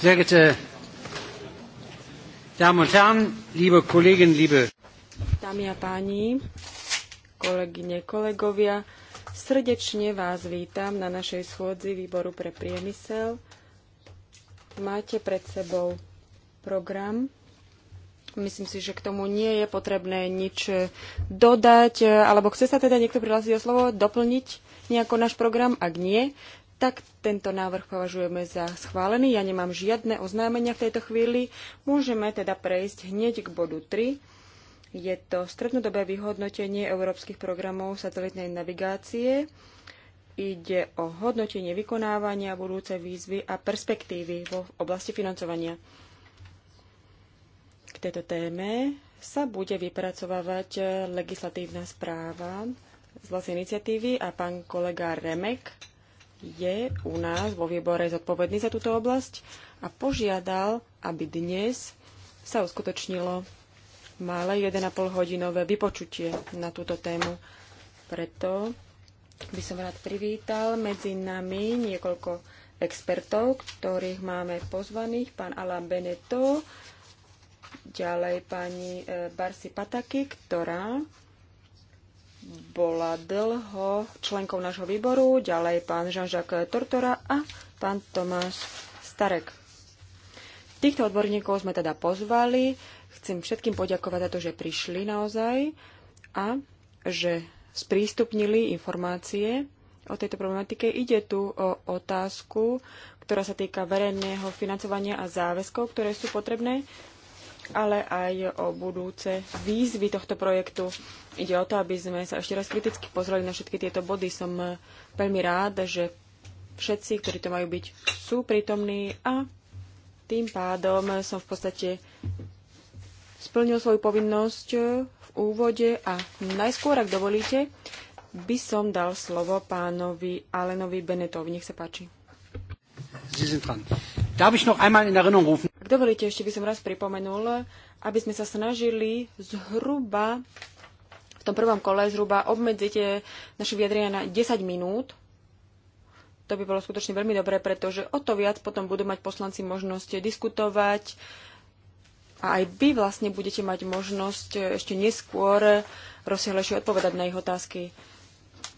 Sehr geehrte Damen und Herren, liebe Kolleginnen, liebe Dámy a páni, kolegyne, kolegovia, srdečne vás vítam na našej schôdzi výboru pre priemysel. Máte pred sebou program. Myslím si, že k tomu nie je potrebné nič dodať, alebo chce sa teda niekto prihlásiť o slovo, doplniť nejako náš program? Ak nie, tak tento návrh považujeme za schválený. Ja nemám žiadne oznámenia v tejto chvíli. Môžeme teda prejsť hneď k bodu 3. Je to strednodobé vyhodnotenie európskych programov satelitnej navigácie. Ide o hodnotenie vykonávania budúce výzvy a perspektívy v oblasti financovania. K tejto téme sa bude vypracovávať legislatívna správa z vlastnej iniciatívy a pán kolega Remek je u nás vo výbore zodpovedný za túto oblasť a požiadal, aby dnes sa uskutočnilo malé 1,5 hodinové vypočutie na túto tému. Preto by som rád privítal medzi nami niekoľko expertov, ktorých máme pozvaných. Pán Alain Beneto, ďalej pani eh, Barsi Pataki, ktorá bola dlho členkou nášho výboru, ďalej pán Jean-Jacques Tortora a pán Tomáš Starek. Týchto odborníkov sme teda pozvali. Chcem všetkým poďakovať za to, že prišli naozaj a že sprístupnili informácie o tejto problematike. Ide tu o otázku, ktorá sa týka verejného financovania a záväzkov, ktoré sú potrebné ale aj o budúce výzvy tohto projektu. Ide o to, aby sme sa ešte raz kriticky pozreli na všetky tieto body. Som eh, veľmi rád, že všetci, ktorí to majú byť, sú prítomní a tým pádom som v podstate splnil svoju povinnosť eh, v úvode a najskôr, ak dovolíte, by som dal slovo pánovi Alenovi Benetovi. Nech sa páči. Darf ich noch einmal in Erinnerung rufen? Ak dovolíte, ešte by som raz pripomenul, aby sme sa snažili zhruba v tom prvom kole zhruba obmedzite eh, naše vyjadrenia na 10 minút. To by bolo skutočne veľmi dobré, pretože o to viac potom budú mať poslanci možnosť diskutovať a aj vy vlastne budete mať možnosť eh, ešte neskôr rozsiahlejšie odpovedať na ich otázky.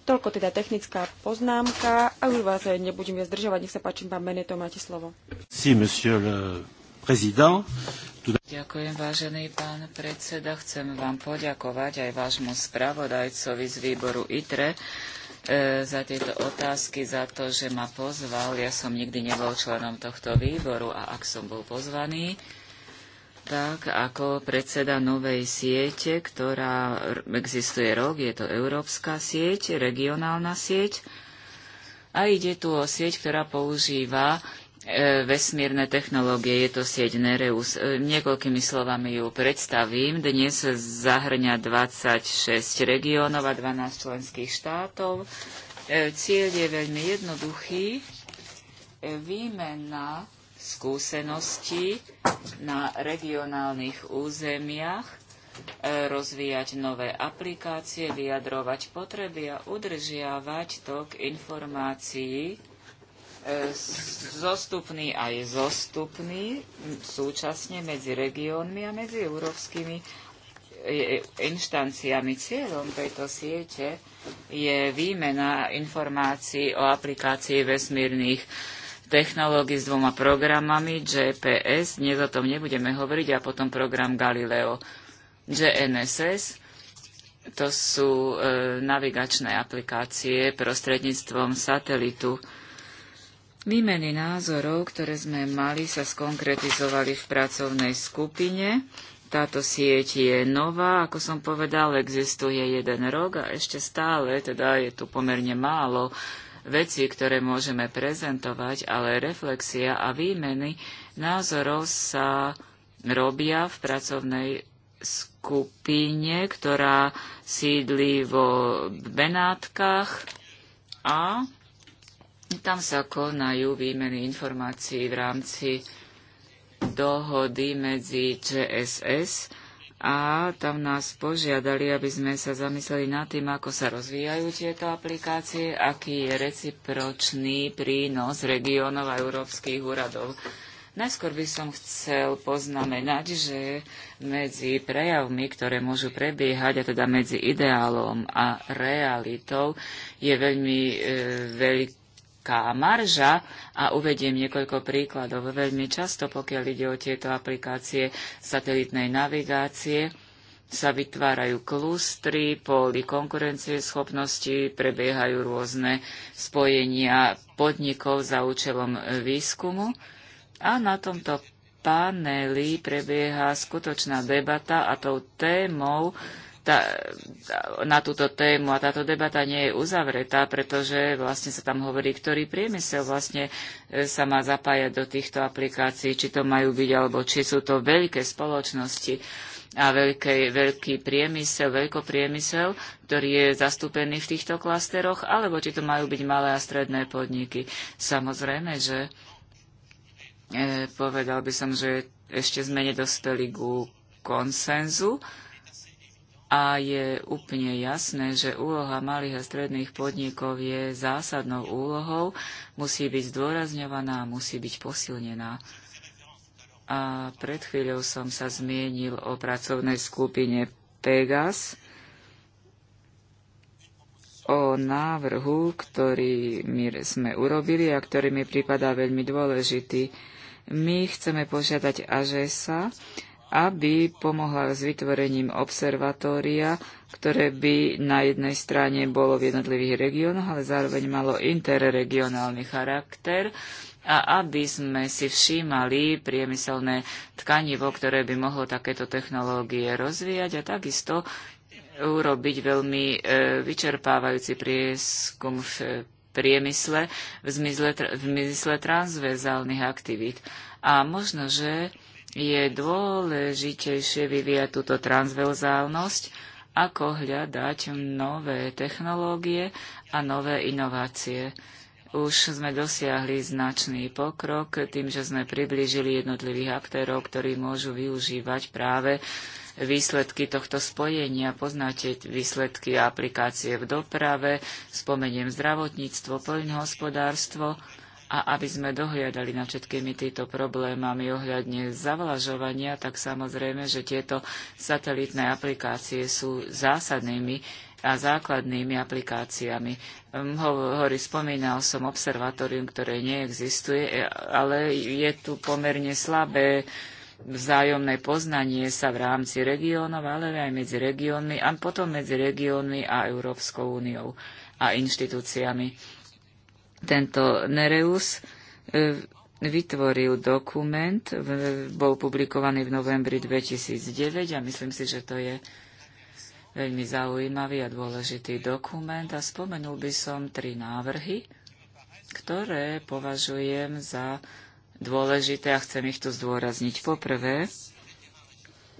Toľko teda technická poznámka a už vás nebudem viac zdržovať. Nech sa páči, pán to máte slovo. Si, monsieur le président. Ďakujem, vážený pán predseda. Chcem vám poďakovať aj vášmu spravodajcovi z výboru ITRE e, za tieto otázky, za to, že ma pozval. Ja som nikdy nebol členom tohto výboru a ak som bol pozvaný, tak ako predseda novej siete, ktorá existuje rok, je to európska sieť, regionálna sieť. A ide tu o sieť, ktorá používa E, vesmírne technológie. Je to sieť Nereus. E, niekoľkými slovami ju predstavím. Dnes zahrňa 26 regiónov a 12 členských štátov. E, cieľ je veľmi jednoduchý. Výmena skúseností na regionálnych územiach, rozvíjať nové aplikácie, vyjadrovať potreby a udržiavať tok informácií E, zostupný aj zostupný súčasne medzi regiónmi a medzi európskymi e, e, inštanciami. Cieľom tejto siete je výmena informácií o aplikácii vesmírnych technológií s dvoma programami GPS, dnes o tom nebudeme hovoriť, a potom program Galileo. GNSS, to sú e, navigačné aplikácie prostredníctvom satelitu. E, Výmeny názorov, ktoré sme mali, sa skonkretizovali v pracovnej skupine. Táto sieť je nová, ako som povedal, existuje jeden rok a ešte stále, teda je tu pomerne málo veci, ktoré môžeme prezentovať, ale reflexia a výmeny názorov sa robia v pracovnej skupine, ktorá sídli vo Benátkach a tam sa konajú výmeny informácií v rámci dohody medzi ČSS a tam nás požiadali, aby sme sa zamysleli nad tým, ako sa rozvíjajú tieto aplikácie, aký je recipročný prínos regiónov a európskych úradov. Najskôr by som chcel poznamenať, že medzi prejavmi, ktoré môžu prebiehať, a teda medzi ideálom a realitou, je veľmi e, veľký vysoká marža a uvediem niekoľko príkladov. Veľmi často, pokiaľ ide o tieto aplikácie satelitnej navigácie, sa vytvárajú klustry, konkurencie schopnosti prebiehajú rôzne spojenia podnikov za účelom výskumu a na tomto paneli prebieha skutočná debata a tou témou tá, na túto tému a táto debata nie je uzavretá, pretože vlastne sa tam hovorí, ktorý priemysel vlastne e, sa má zapájať do týchto aplikácií, či to majú byť, alebo či sú to veľké spoločnosti a veľký, veľký priemysel, veľkopriemysel, ktorý je zastúpený v týchto klasteroch, alebo či to majú byť malé a stredné podniky. Samozrejme, že e, povedal by som, že ešte sme nedospeli ku konsenzu, a je úplne jasné, že úloha malých a stredných podnikov je zásadnou úlohou, musí byť zdôrazňovaná, musí byť posilnená. A pred chvíľou som sa zmienil o pracovnej skupine Pegas, o návrhu, ktorý my sme urobili a ktorý mi prípada veľmi dôležitý. My chceme požiadať Ažesa, aby pomohla s vytvorením observatória, ktoré by na jednej strane bolo v jednotlivých regiónoch, ale zároveň malo interregionálny charakter a aby sme si všímali priemyselné tkanivo, ktoré by mohlo takéto technológie rozvíjať a takisto urobiť veľmi e, vyčerpávajúci prieskum v priemysle v zmysle, v zmysle transverzálnych aktivít. A možno, že je dôležitejšie vyvíjať túto transverzálnosť, ako hľadať nové technológie a nové inovácie. Už sme dosiahli značný pokrok tým, že sme priblížili jednotlivých aktérov, ktorí môžu využívať práve výsledky tohto spojenia. Poznáte výsledky aplikácie v doprave, spomeniem zdravotníctvo, poľnohospodárstvo. hospodárstvo a aby sme dohliadali na všetkými týto problémami ohľadne zavlažovania, tak samozrejme, že tieto satelitné aplikácie sú zásadnými a základnými aplikáciami. Hm, Hovorí, spomínal som observatórium, ktoré neexistuje, e, ale je tu pomerne slabé vzájomné poznanie sa v rámci regiónov, ale aj medzi regiónmi a potom medzi regiónmi a Európskou úniou a inštitúciami. Tento Nereus e, vytvoril dokument, bol publikovaný v novembri 2009 a myslím si, že to je veľmi zaujímavý a dôležitý dokument a spomenul by som tri návrhy, ktoré považujem za dôležité a chcem ich tu zdôrazniť. Poprvé,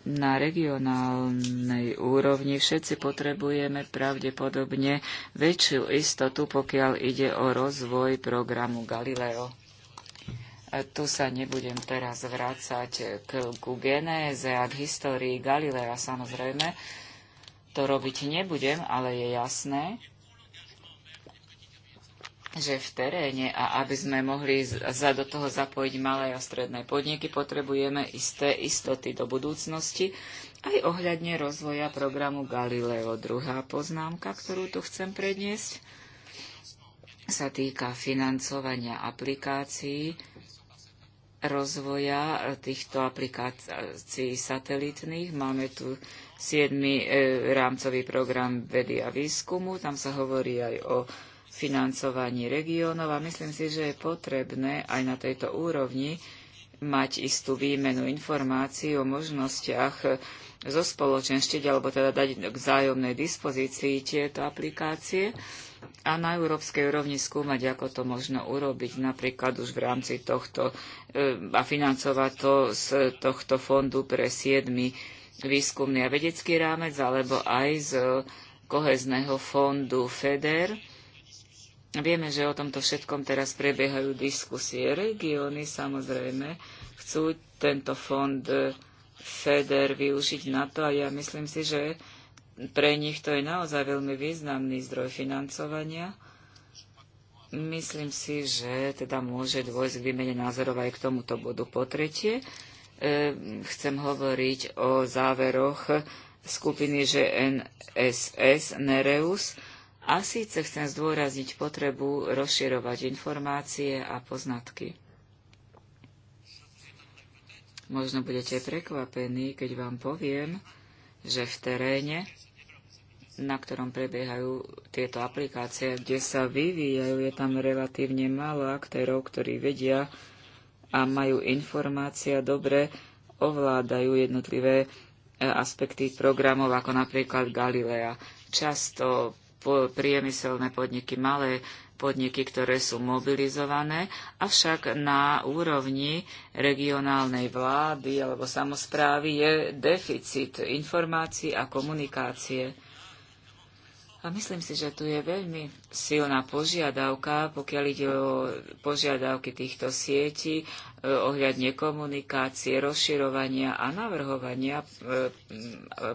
na regionálnej úrovni všetci potrebujeme pravdepodobne väčšiu istotu, pokiaľ ide o rozvoj programu Galileo. Tu sa nebudem teraz vrácať k, k genéze a k histórii Galilea samozrejme. To robiť nebudem, ale je jasné, že v teréne a aby sme mohli za do toho zapojiť malé a stredné podniky, potrebujeme isté istoty do budúcnosti, aj ohľadne rozvoja programu Galileo. Druhá poznámka, ktorú tu chcem predniesť, sa týka financovania aplikácií, rozvoja týchto aplikácií satelitných. Máme tu 7. E, rámcový program vedy a výskumu, tam sa hovorí aj o financovaní regiónov a myslím si, že je potrebné aj na tejto úrovni mať istú výmenu informácií o možnostiach zo spoločenštiť, alebo teda dať k vzájomnej dispozícii tieto aplikácie a na európskej úrovni skúmať, ako to možno urobiť, napríklad už v rámci tohto eh, a financovať to z tohto fondu pre siedmi výskumný a vedecký rámec, alebo aj z eh, kohezného fondu FEDER Vieme, že o tomto všetkom teraz prebiehajú diskusie. Regióny samozrejme chcú tento fond e, FEDER využiť na to a ja myslím si, že pre nich to je naozaj veľmi významný zdroj financovania. Myslím si, že teda môže dôjsť k výmene názorov aj k tomuto bodu. Po tretie, e, chcem hovoriť o záveroch skupiny GNSS Nereus a síce chcem zdôrazniť potrebu rozširovať informácie a poznatky. Možno budete prekvapení, keď vám poviem, že v teréne, na ktorom prebiehajú tieto aplikácie, kde sa vyvíjajú, je tam relatívne málo aktérov, ktorí vedia a majú informácia dobre, ovládajú jednotlivé e, aspekty programov, ako napríklad Galilea. Často priemyselné podniky, malé podniky, ktoré sú mobilizované, avšak na úrovni regionálnej vlády alebo samozprávy je deficit informácií a komunikácie. A myslím si, že tu je veľmi silná požiadavka, pokiaľ ide o požiadavky týchto sietí e, ohľadne komunikácie, rozširovania a navrhovania e,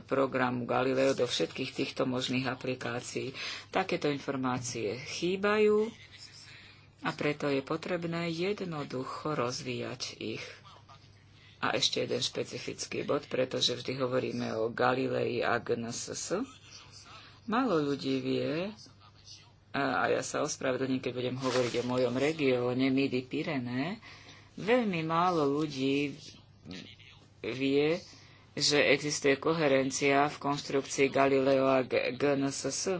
programu Galileo do všetkých týchto možných aplikácií. Takéto informácie chýbajú a preto je potrebné jednoducho rozvíjať ich. A ešte jeden špecifický bod, pretože vždy hovoríme o Galilei a GNSS Málo ľudí vie, a, ja sa ospravedlním, keď budem hovoriť o mojom regióne Midi Pirene, veľmi málo ľudí vie, že existuje koherencia v konštrukcii Galileo a GNSS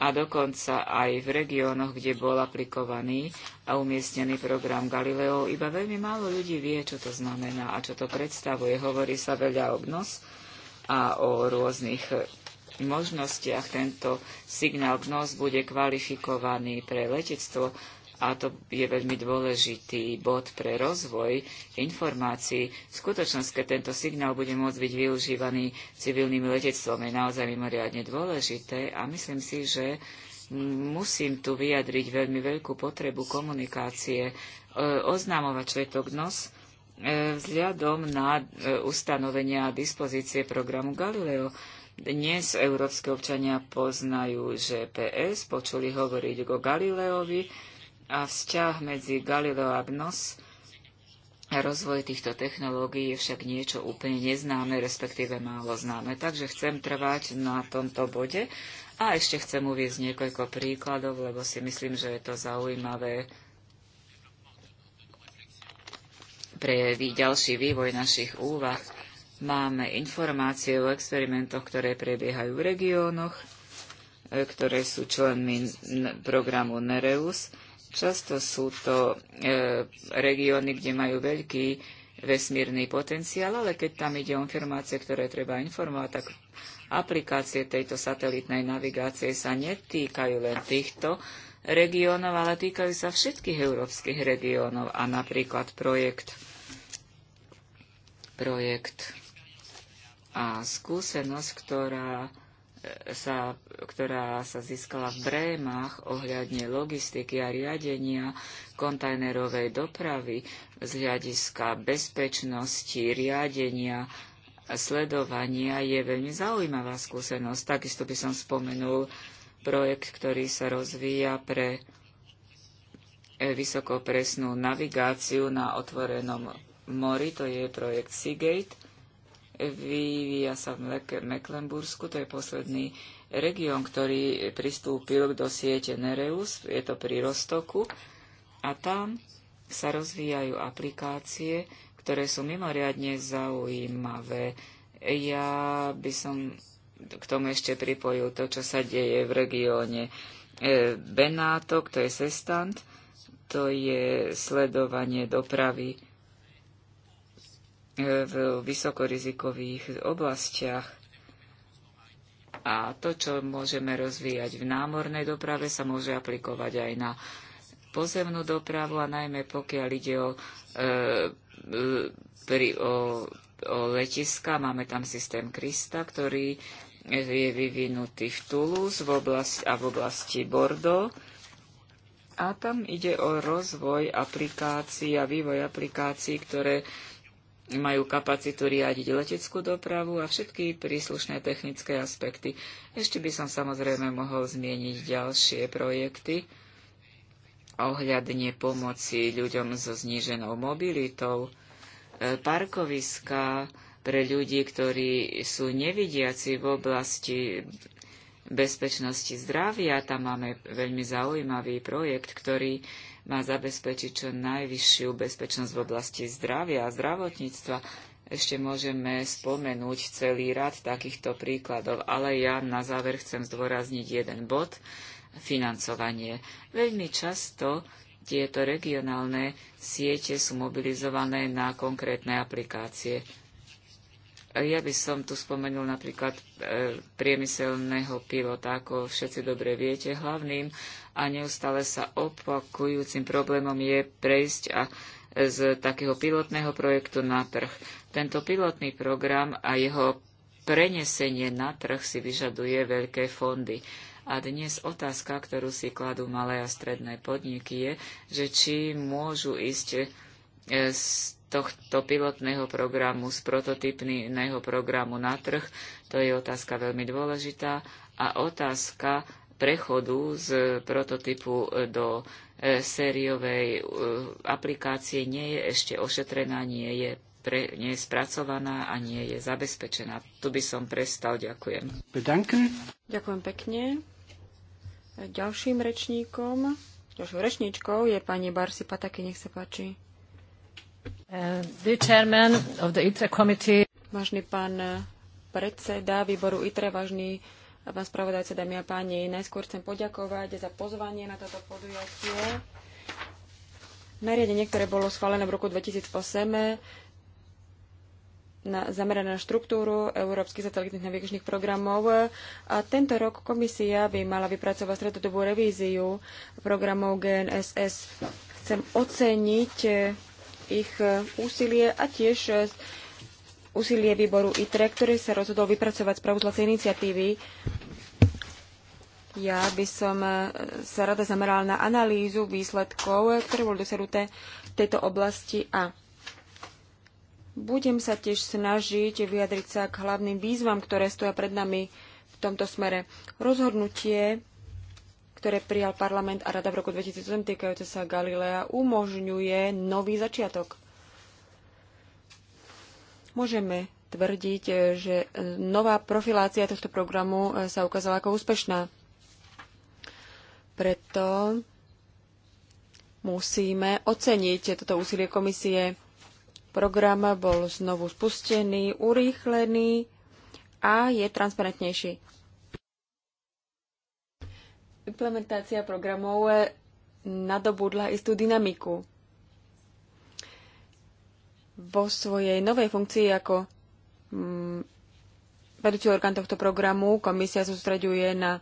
a dokonca aj v regiónoch, kde bol aplikovaný a umiestnený program Galileo, iba veľmi málo ľudí vie, čo to znamená a čo to predstavuje. Hovorí sa veľa o GNOS a o rôznych možnostiach tento signál GNOS bude kvalifikovaný pre letectvo a to je veľmi dôležitý bod pre rozvoj informácií. V skutočnosti, keď tento signál bude môcť byť využívaný civilným letectvom, je naozaj mimoriadne dôležité a myslím si, že musím tu vyjadriť veľmi veľkú potrebu komunikácie e, oznamovať čletok NOS e, vzhľadom na e, ustanovenia a dispozície programu Galileo dnes európske občania poznajú GPS, počuli hovoriť o Galileovi a vzťah medzi Galileo a Gnos a rozvoj týchto technológií je však niečo úplne neznáme, respektíve málo známe. Takže chcem trvať na tomto bode a ešte chcem uvieť niekoľko príkladov, lebo si myslím, že je to zaujímavé pre ďalší vývoj našich úvah. Máme informácie o experimentoch, ktoré prebiehajú v regiónoch, e, ktoré sú členmi programu Nereus. Často sú to e, regióny, kde majú veľký vesmírny potenciál, ale keď tam ide o informácie, ktoré treba informovať, tak aplikácie tejto satelitnej navigácie sa netýkajú len týchto regiónov, ale týkajú sa všetkých európskych regiónov a napríklad projekt projekt a skúsenosť, ktorá e, sa, ktorá sa získala v Brémach ohľadne logistiky a riadenia kontajnerovej dopravy z hľadiska bezpečnosti, riadenia, sledovania je veľmi zaujímavá skúsenosť. Takisto by som spomenul projekt, ktorý sa rozvíja pre e, vysokopresnú navigáciu na otvorenom mori, to je projekt Seagate vyvíja sa v Mecklenbursku, to je posledný región, ktorý pristúpil do siete Nereus, je to pri Rostoku, a tam sa rozvíjajú aplikácie, ktoré sú mimoriadne zaujímavé. Ja by som k tomu ešte pripojil to, čo sa deje v regióne e, Benátok, to je Sestant, to je sledovanie dopravy v vysokorizikových oblastiach. A to, čo môžeme rozvíjať v námornej doprave, sa môže aplikovať aj na pozemnú dopravu a najmä pokiaľ ide o, e, e, pri, o, o letiska, máme tam systém Krista, ktorý je vyvinutý v Toulouse v oblasti, a v oblasti Bordeaux. A tam ide o rozvoj aplikácií a vývoj aplikácií, ktoré majú kapacitu riadiť leteckú dopravu a všetky príslušné technické aspekty. Ešte by som samozrejme mohol zmieniť ďalšie projekty ohľadne pomoci ľuďom so zníženou mobilitou, e, parkoviska pre ľudí, ktorí sú nevidiaci v oblasti bezpečnosti zdravia. Tam máme veľmi zaujímavý projekt, ktorý má zabezpečiť čo najvyššiu bezpečnosť v oblasti zdravia a zdravotníctva. Ešte môžeme spomenúť celý rad takýchto príkladov, ale ja na záver chcem zdôrazniť jeden bod financovanie. Veľmi často tieto regionálne siete sú mobilizované na konkrétne aplikácie. Ja by som tu spomenul napríklad e, priemyselného pilota. Ako všetci dobre viete, hlavným a neustále sa opakujúcim problémom je prejsť a z takého pilotného projektu na trh. Tento pilotný program a jeho prenesenie na trh si vyžaduje veľké fondy. A dnes otázka, ktorú si kladú malé a stredné podniky, je, že či môžu ísť e, z tohto pilotného programu, z prototypného programu na trh. To je otázka veľmi dôležitá. A otázka prechodu z prototypu e, do e, sériovej e, aplikácie nie je ešte ošetrená, nie je, pre, nie je spracovaná a nie je zabezpečená. Tu by som prestal. Ďakujem. Bedanke. Ďakujem pekne. Ďalším rečníkom, ďalšou rečníčkou je pani Barsi Pataky. Nech sa páči. Uh, the of the ITRE Vážny pán predseda výboru ITRE, vážny pán spravodajca, dámy a páni. Najskôr chcem poďakovať za pozvanie na toto podujatie. Nariadenie, ktoré bolo schválené v roku 2008, na, zamerané na štruktúru európskych satelitných navigačných programov. A tento rok komisia by mala vypracovať stredodobú revíziu programov GNSS. Chcem oceniť ich úsilie a tiež úsilie výboru ITRE, ktorý sa rozhodol vypracovať správu z iniciatívy. Ja by som e, sa rada zamerala na analýzu výsledkov, e, ktoré boli dosiahnuté v tejto oblasti a budem sa tiež snažiť vyjadriť sa k hlavným výzvam, ktoré stoja pred nami v tomto smere. Rozhodnutie, ktoré prijal parlament a rada v roku 2007, týkajúce sa Galilea, umožňuje nový začiatok. Môžeme tvrdiť, že nová profilácia tohto programu sa ukázala ako úspešná. Preto musíme oceniť toto úsilie komisie. Program bol znovu spustený, urýchlený a je transparentnejší. Implementácia programov nadobudla istú dynamiku vo svojej novej funkcii ako mm, vedúci orgán tohto programu komisia sústreďuje na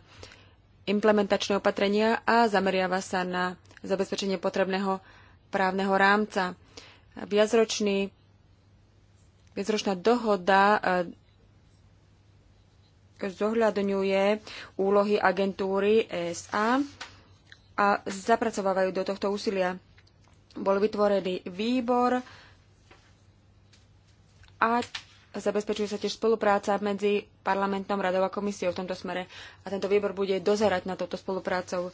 implementačné opatrenia a zameriava sa na zabezpečenie potrebného právneho rámca. Viacročný, viacročná dohoda e, zohľadňuje úlohy agentúry ESA a zapracovávajú do tohto úsilia. Bol vytvorený výbor, a zabezpečuje sa tiež spolupráca medzi parlamentom, radou a komisiou v tomto smere. A tento výbor bude dozerať na touto spoluprácou. E,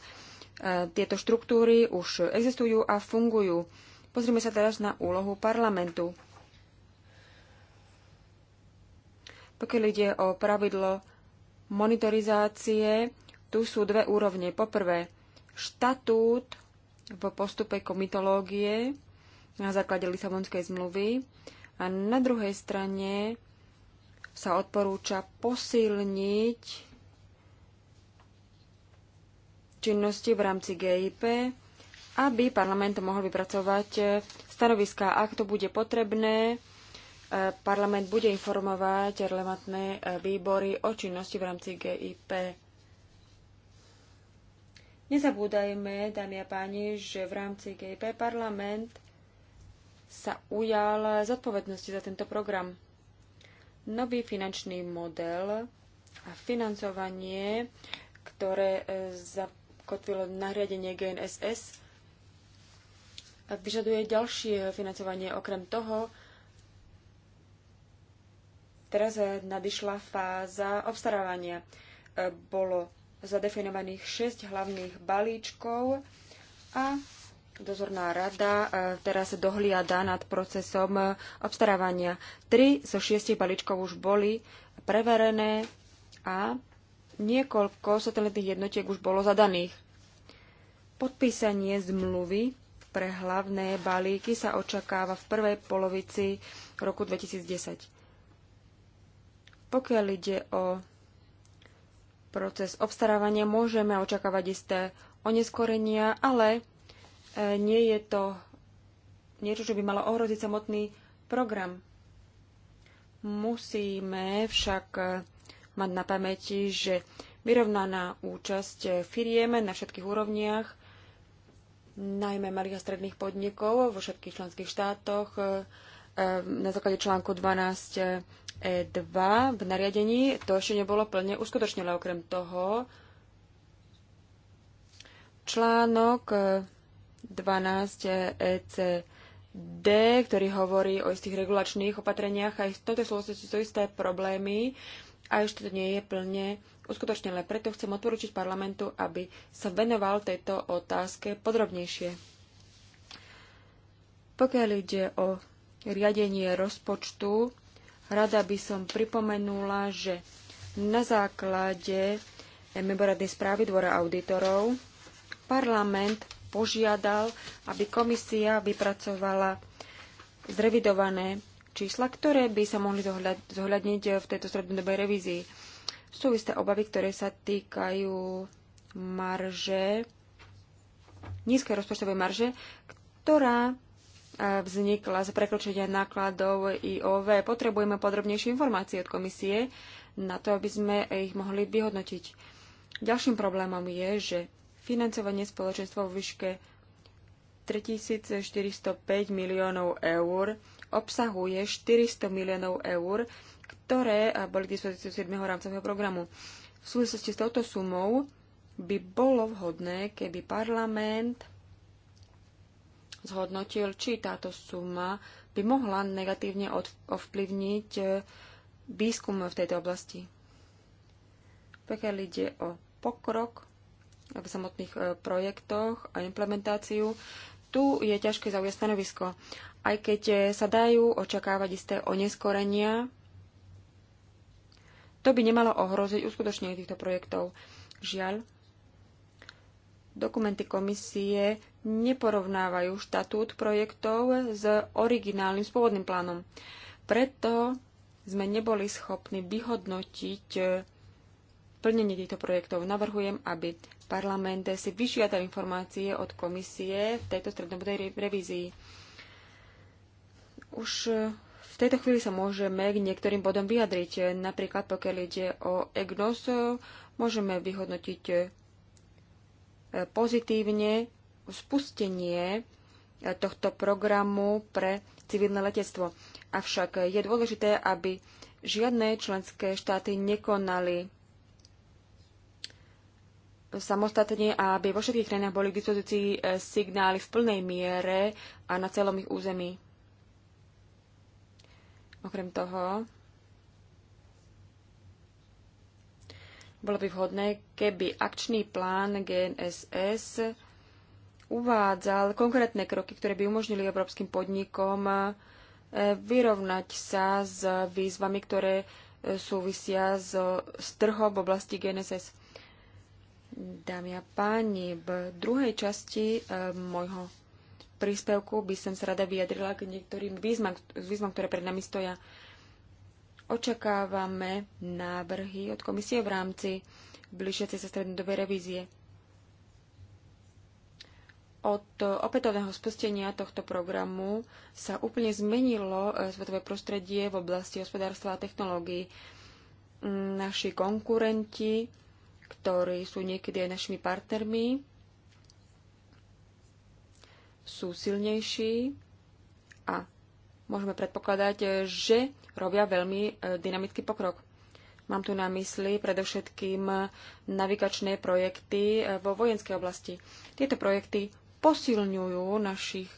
tieto štruktúry už existujú a fungujú. Pozrime sa teraz na úlohu parlamentu. Pokiaľ ide o pravidlo monitorizácie, tu sú dve úrovne. Poprvé, štatút v postupe komitológie na základe Lisabonskej zmluvy a na druhej strane sa odporúča posilniť činnosti v rámci GIP, aby parlament mohol vypracovať stanoviská. Ak to bude potrebné, e, parlament bude informovať relevantné e, výbory o činnosti v rámci GIP. Nezabúdajme, dámy a páni, že v rámci GIP parlament sa ujal zodpovednosti za tento program. Nový finančný model a financovanie, ktoré e, zakotvilo nariadenie GNSS, vyžaduje ďalšie financovanie. Okrem toho, teraz e, nadišla fáza obstarávania. E, bolo zadefinovaných 6 hlavných balíčkov a Dozorná rada e, teraz dohliada nad procesom e, obstarávania. Tri zo šiestich balíčkov už boli preverené a niekoľko satelitných jednotiek už bolo zadaných. Podpísanie zmluvy pre hlavné balíky sa očakáva v prvej polovici roku 2010. Pokiaľ ide o proces obstarávania, môžeme očakávať isté oneskorenia, ale E, nie je to niečo, čo by malo ohroziť samotný program. Musíme však e, mať na pamäti, že vyrovnaná účasť firiem na všetkých úrovniach, najmä malých a stredných podnikov vo všetkých členských štátoch, e, na základe článku 12 E2 v nariadení, to ešte nebolo plne uskutočnené. Okrem toho, článok 12 ECD, ktorý hovorí o istých regulačných opatreniach. Aj v tejto súvislosti sú isté problémy a ešte to nie je plne uskutočnené. Preto chcem odporučiť parlamentu, aby sa venoval tejto otázke podrobnejšie. Pokiaľ ide o riadenie rozpočtu, rada by som pripomenula, že na základe memorandnej správy Dvora auditorov parlament požiadal, aby komisia vypracovala zrevidované čísla, ktoré by sa mohli zohľadniť v tejto strednodobej revízii. Sú isté obavy, ktoré sa týkajú marže, nízkej rozpočtovej marže, ktorá e, vznikla z prekročenia nákladov IOV. Potrebujeme podrobnejšie informácie od komisie na to, aby sme ich mohli vyhodnotiť. Ďalším problémom je, že financovanie spoločenstva vo výške 3405 miliónov eur obsahuje 400 miliónov eur, ktoré eh, boli k dispozícii 7. rámcového programu. V súvislosti s touto sumou by bolo vhodné, keby parlament zhodnotil, či táto suma by mohla negatívne ovplyvniť eh, výskum v tejto oblasti. Pokiaľ ide o pokrok v samotných e, projektoch a implementáciu, tu je ťažké zaujať stanovisko. Aj keď e, sa dajú očakávať isté oneskorenia, to by nemalo ohroziť uskutočnenie týchto projektov. Žiaľ, dokumenty komisie neporovnávajú štatút projektov s originálnym spôvodným plánom. Preto sme neboli schopní vyhodnotiť e, plnenie týchto projektov. Navrhujem, aby parlament si vyžiadal informácie od komisie v tejto strednobodej revízii. Už eh, v tejto chvíli sa môžeme k niektorým bodom vyjadriť. Napríklad, pokiaľ ide o EGNOS, môžeme vyhodnotiť eh, pozitívne spustenie eh, tohto programu pre civilné letectvo. Avšak je dôležité, aby žiadne členské štáty nekonali samostatne a aby vo všetkých krajinách boli k dispozícii e, signály v plnej miere a na celom ich území. Okrem toho, bolo by vhodné, keby akčný plán GNSS uvádzal konkrétne kroky, ktoré by umožnili európskym podnikom e, vyrovnať sa s výzvami, ktoré e, súvisia s, s trhom v oblasti GNSS. Dámy a páni, v druhej časti e, môjho príspevku by som sa rada vyjadrila k niektorým výzvam, výzvam ktoré pred nami stoja. Očakávame návrhy od komisie v rámci blížiacej sa strednodobej revízie. Od opätovného spustenia tohto programu sa úplne zmenilo e, svetové prostredie v oblasti hospodárstva a technológií. Naši konkurenti ktorí sú niekedy aj našimi partnermi, sú silnejší a môžeme predpokladať, že robia veľmi e, dynamický pokrok. Mám tu na mysli predovšetkým navigačné projekty e, vo vojenskej oblasti. Tieto projekty posilňujú našich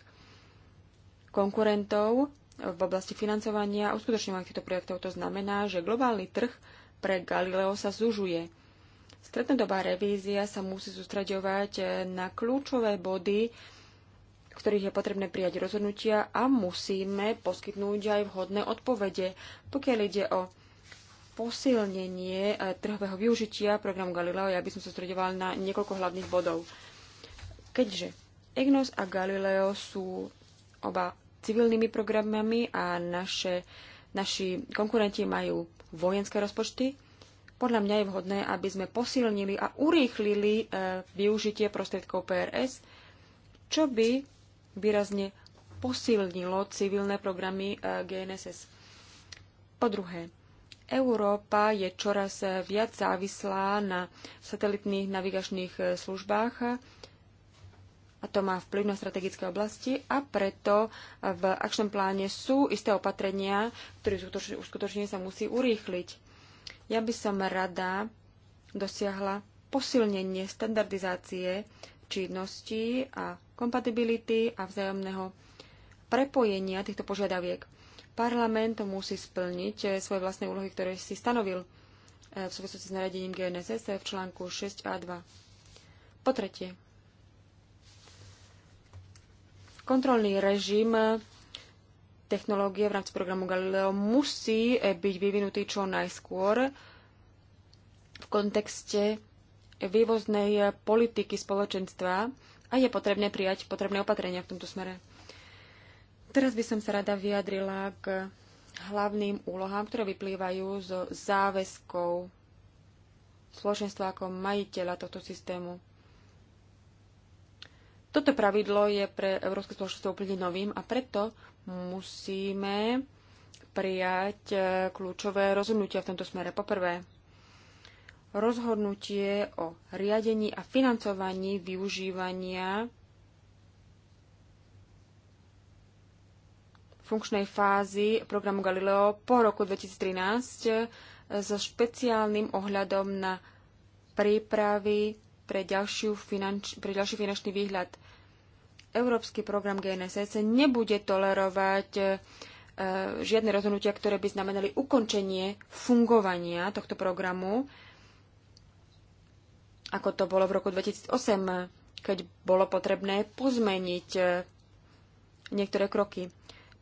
konkurentov v oblasti financovania a uskutočňovania týchto projektov. To znamená, že globálny trh pre Galileo sa zužuje. Strednodobá revízia sa musí zústraďovať eh, na kľúčové body, ktorých je potrebné prijať rozhodnutia a musíme poskytnúť aj vhodné odpovede, pokiaľ ide o posilnenie eh, trhového využitia programu Galileo, ja by som sa na niekoľko hlavných bodov. Keďže EGNOS a Galileo sú oba civilnými programami a naše, naši konkurenti majú vojenské rozpočty, podľa mňa je vhodné, aby sme posilnili a urýchlili e, využitie prostriedkov PRS, čo by výrazne posilnilo civilné programy e, GNSS. Po druhé, Európa je čoraz e, viac závislá na satelitných navigačných službách a to má vplyv na strategické oblasti a preto v akčnom pláne sú isté opatrenia, ktoré uskutočne sa musí urýchliť. Ja by som rada dosiahla posilnenie standardizácie činnosti a kompatibility a vzájomného prepojenia týchto požiadaviek. Parlament musí splniť eh, svoje vlastné úlohy, ktoré si stanovil eh, v súvislosti s naradením GNSS eh, v článku 6 a 2. Po tretie, kontrolný režim technológie v rámci programu Galileo musí eh, byť vyvinutý čo najskôr v kontexte vývoznej eh, politiky spoločenstva a je potrebné prijať potrebné opatrenia v tomto smere. Teraz by som sa rada vyjadrila k hlavným úlohám, ktoré vyplývajú zo záväzkov spoločenstva ako majiteľa tohto systému. Toto pravidlo je pre európske spoločnosti úplne novým a preto musíme prijať e, kľúčové rozhodnutia v tomto smere. Poprvé, rozhodnutie o riadení a financovaní využívania funkčnej fázy programu Galileo po roku 2013 e, so špeciálnym ohľadom na prípravy pre, ďalšiu finanč, pre ďalší finančný výhľad. Európsky program GNSS nebude tolerovať e, žiadne rozhodnutia, ktoré by znamenali ukončenie fungovania tohto programu, ako to bolo v roku 2008, keď bolo potrebné pozmeniť e, niektoré kroky.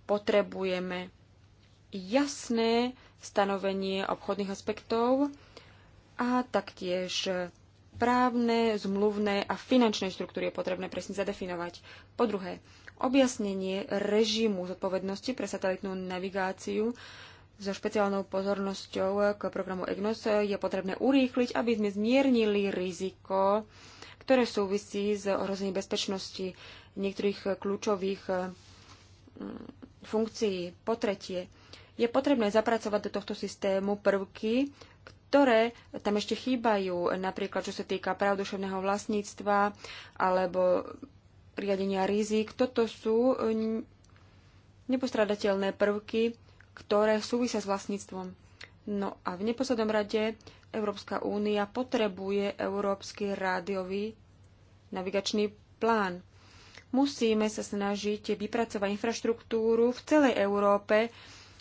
Potrebujeme jasné stanovenie obchodných aspektov a taktiež Právne, zmluvné a finančné štruktúry je potrebné presne zadefinovať. Po druhé, objasnenie režimu zodpovednosti pre satelitnú navigáciu so špeciálnou pozornosťou k programu EGNOS je potrebné urýchliť, aby sme zmiernili riziko, ktoré súvisí s ohrozením bezpečnosti niektorých kľúčových mm, funkcií. Po tretie, je potrebné zapracovať do tohto systému prvky ktoré tam ešte chýbajú, napríklad čo sa týka práv vlastníctva alebo riadenia rizik. Toto sú mm, nepostradateľné prvky, ktoré súvisia s vlastníctvom. No a v neposlednom rade Európska únia potrebuje Európsky rádiový navigačný plán. Musíme sa snažiť vypracovať infraštruktúru v celej Európe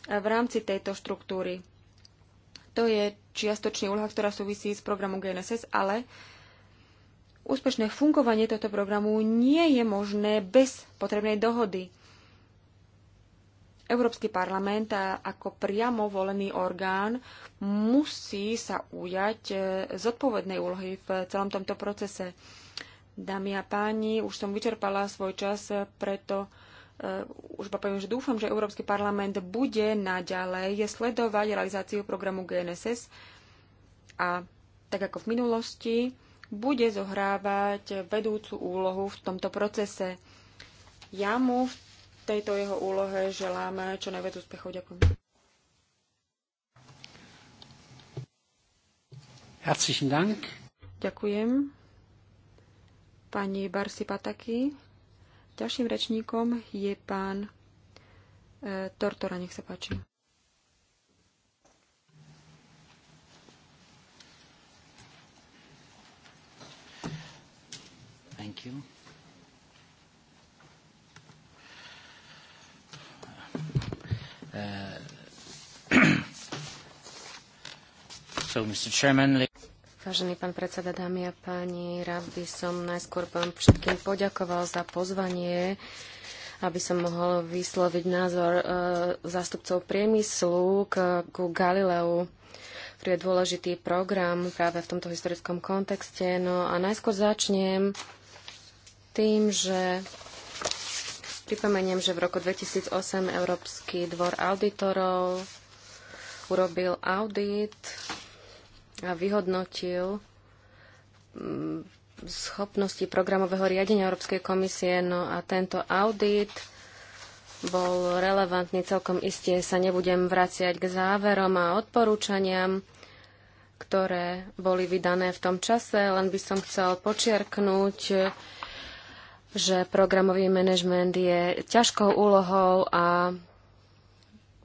v rámci tejto štruktúry to je čiastočne úloha, ktorá súvisí s programom GNSS, ale úspešné fungovanie tohto programu nie je možné bez potrebnej dohody. Európsky parlament ako priamo volený orgán musí sa ujať e, zodpovednej úlohy v celom tomto procese. Dámy a páni, už som vyčerpala svoj čas, preto Eh, už poviem, že dúfam, že Európsky parlament bude naďalej sledovať realizáciu programu GNSS a tak ako v minulosti bude zohrávať vedúcu úlohu v tomto procese. Ja mu v tejto jeho úlohe želám čo najviac úspechov. Ďakujem. Herzlichen Dank. Ďakujem. Pani Barsi Pataki. Ďalším rečníkom je pán e, Tortora, nech sa páči. Thank you. Uh, so, Mr. Chairman, Vážený pán predseda, dámy a páni, rád by som najskôr vám všetkým poďakoval za pozvanie, aby som mohol vysloviť názor e, zástupcov priemyslu k, ku Galileu, ktorý je dôležitý program práve v tomto historickom kontexte. No a najskôr začnem tým, že pripomeniem, že v roku 2008 Európsky dvor auditorov urobil audit a vyhodnotil mm, schopnosti programového riadenia Európskej komisie. No a tento audit bol relevantný. Celkom iste sa nebudem vraciať k záverom a odporúčaniam, ktoré boli vydané v tom čase, len by som chcel počiarknúť, že programový manažment je ťažkou úlohou a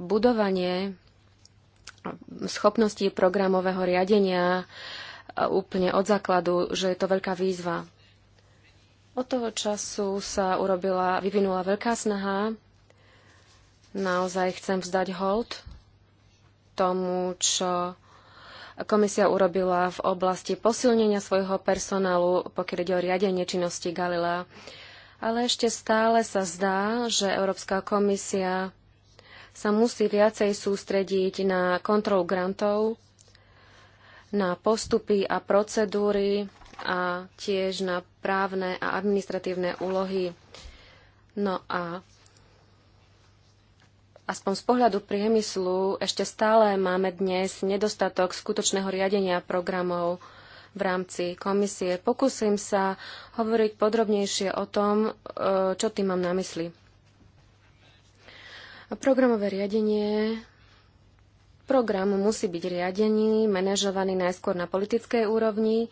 budovanie Schopnosti programového riadenia e, úplne od základu, že je to veľká výzva. Od toho času sa urobila, vyvinula veľká snaha. Naozaj chcem vzdať hold tomu, čo komisia urobila v oblasti posilnenia svojho personálu, pokiaľ ide o riadenie činnosti Galilea. Ale ešte stále sa zdá, že Európska komisia sa musí viacej sústrediť na kontrolu grantov, na postupy a procedúry a tiež na právne a administratívne úlohy. No a aspoň z pohľadu priemyslu ešte stále máme dnes nedostatok skutočného riadenia programov v rámci komisie. Pokúsim sa hovoriť podrobnejšie o tom, e, čo tým mám na mysli. Programové riadenie Program musí byť riadený, manažovaný najskôr na politickej úrovni.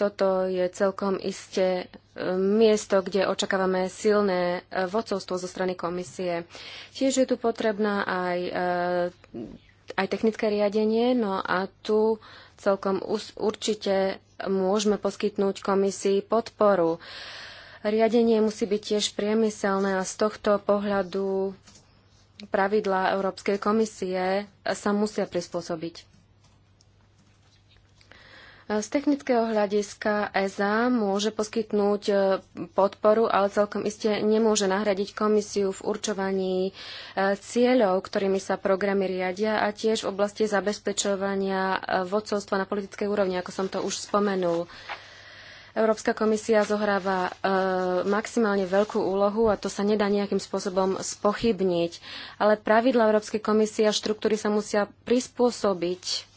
Toto je celkom isté e, miesto, kde očakávame silné e, vodcovstvo zo strany komisie. Tiež je tu potrebná aj, e, aj technické riadenie, no a tu celkom určite môžeme poskytnúť komisii podporu. Riadenie musí byť tiež priemyselné a z tohto pohľadu pravidlá Európskej komisie sa musia prispôsobiť. Z technického hľadiska ESA môže poskytnúť e, podporu, ale celkom iste nemôže nahradiť komisiu v určovaní e, cieľov, ktorými sa programy riadia a tiež v oblasti zabezpečovania e, vodcovstva na politickej úrovni, ako som to už spomenul. Európska komisia zohráva e, maximálne veľkú úlohu a to sa nedá nejakým spôsobom spochybniť. Ale pravidla Európskej komisie a štruktúry sa musia prispôsobiť,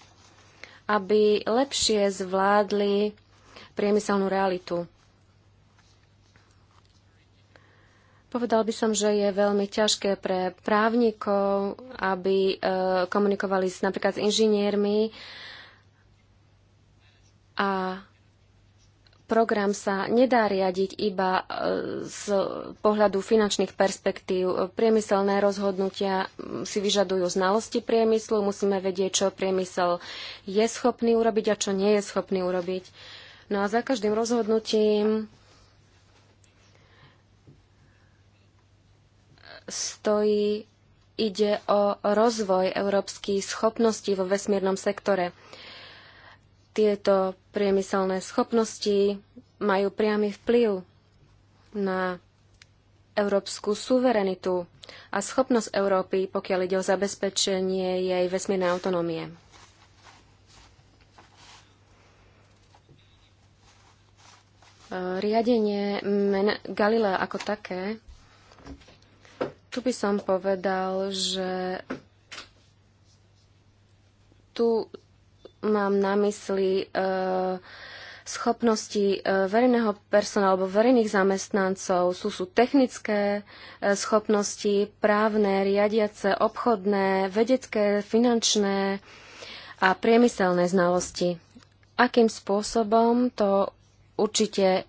aby lepšie zvládli priemyselnú realitu. Povedal by som, že je veľmi ťažké pre právnikov, aby e, komunikovali s, napríklad s inžiniermi a program sa nedá riadiť iba e, z pohľadu finančných perspektív. Priemyselné rozhodnutia si vyžadujú znalosti priemyslu, musíme vedieť, čo priemysel je schopný urobiť a čo nie je schopný urobiť. No a za každým rozhodnutím stojí, ide o rozvoj európskych schopností vo vesmírnom sektore. Tieto priemyselné schopnosti majú priamy vplyv na európsku suverenitu a schopnosť Európy, pokiaľ ide o zabezpečenie jej vesmírnej autonómie. Riadenie Galilea ako také, tu by som povedal, že tu mám na mysli e, schopnosti e, verejného personálu alebo verejných zamestnancov, sú, sú technické e, schopnosti, právne, riadiace, obchodné, vedecké, finančné a priemyselné znalosti. Akým spôsobom to určite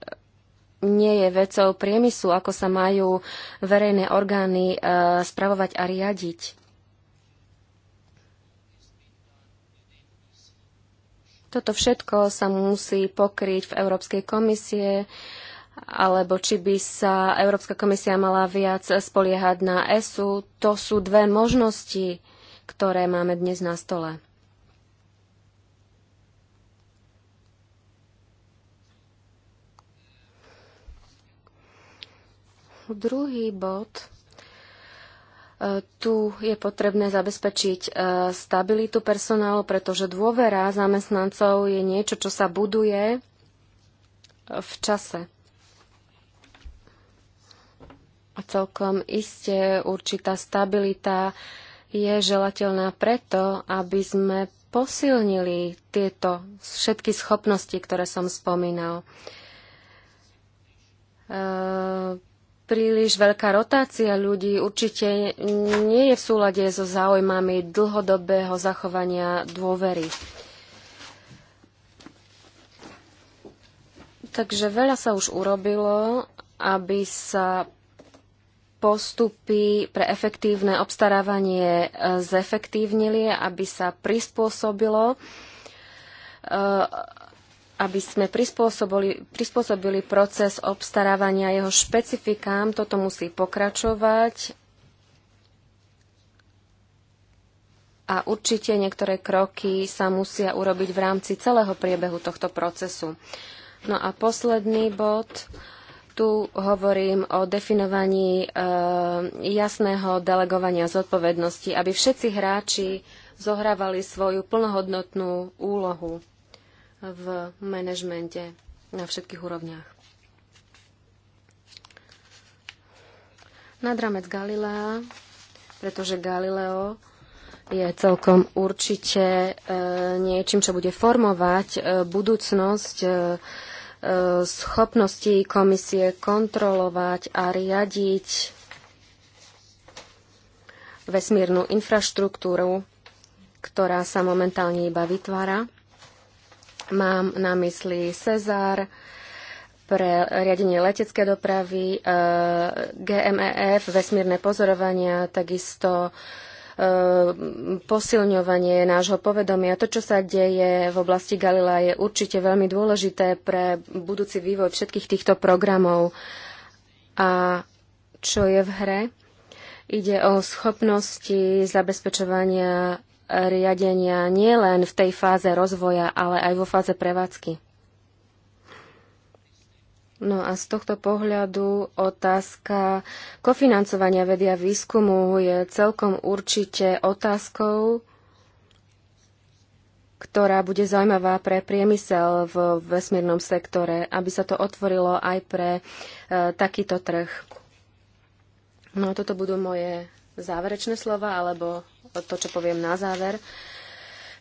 nie je vecou priemyslu, ako sa majú verejné orgány spravovať a riadiť. Toto všetko sa musí pokryť v Európskej komisie, alebo či by sa Európska komisia mala viac spoliehať na ESU. To sú dve možnosti, ktoré máme dnes na stole. Druhý bod tu je potrebné zabezpečiť e, stabilitu personálu, pretože dôvera zamestnancov je niečo, čo sa buduje v čase. A celkom iste určitá stabilita je želateľná preto, aby sme posilnili tieto všetky schopnosti, ktoré som spomínal. E, príliš veľká rotácia ľudí určite nie je v súlade so záujmami dlhodobého zachovania dôvery. Takže veľa sa už urobilo, aby sa postupy pre efektívne obstarávanie e, zefektívnili, aby sa prispôsobilo e, aby sme prispôsobili, prispôsobili proces obstarávania jeho špecifikám. Toto musí pokračovať a určite niektoré kroky sa musia urobiť v rámci celého priebehu tohto procesu. No a posledný bod. Tu hovorím o definovaní e, jasného delegovania zodpovednosti, aby všetci hráči zohrávali svoju plnohodnotnú úlohu v manažmente na všetkých úrovniach. Nad rámec Galilea, pretože Galileo je celkom určite e, niečím, čo bude formovať e, budúcnosť e, e schopnosti komisie kontrolovať a riadiť vesmírnu infraštruktúru, ktorá sa momentálne iba vytvára. Mám na mysli Cezar pre riadenie letecké dopravy, e, GMEF, vesmírne pozorovania, takisto e, posilňovanie nášho povedomia. To, čo sa deje v oblasti Galila, je určite veľmi dôležité pre budúci vývoj všetkých týchto programov. A čo je v hre? Ide o schopnosti zabezpečovania riadenia nielen len v tej fáze rozvoja, ale aj vo fáze prevádzky. No a z tohto pohľadu otázka kofinancovania vedia výskumu je celkom určite otázkou, ktorá bude zaujímavá pre priemysel v vesmírnom sektore, aby sa to otvorilo aj pre e, takýto trh. No a toto budú moje záverečné slova, alebo to, čo poviem na záver.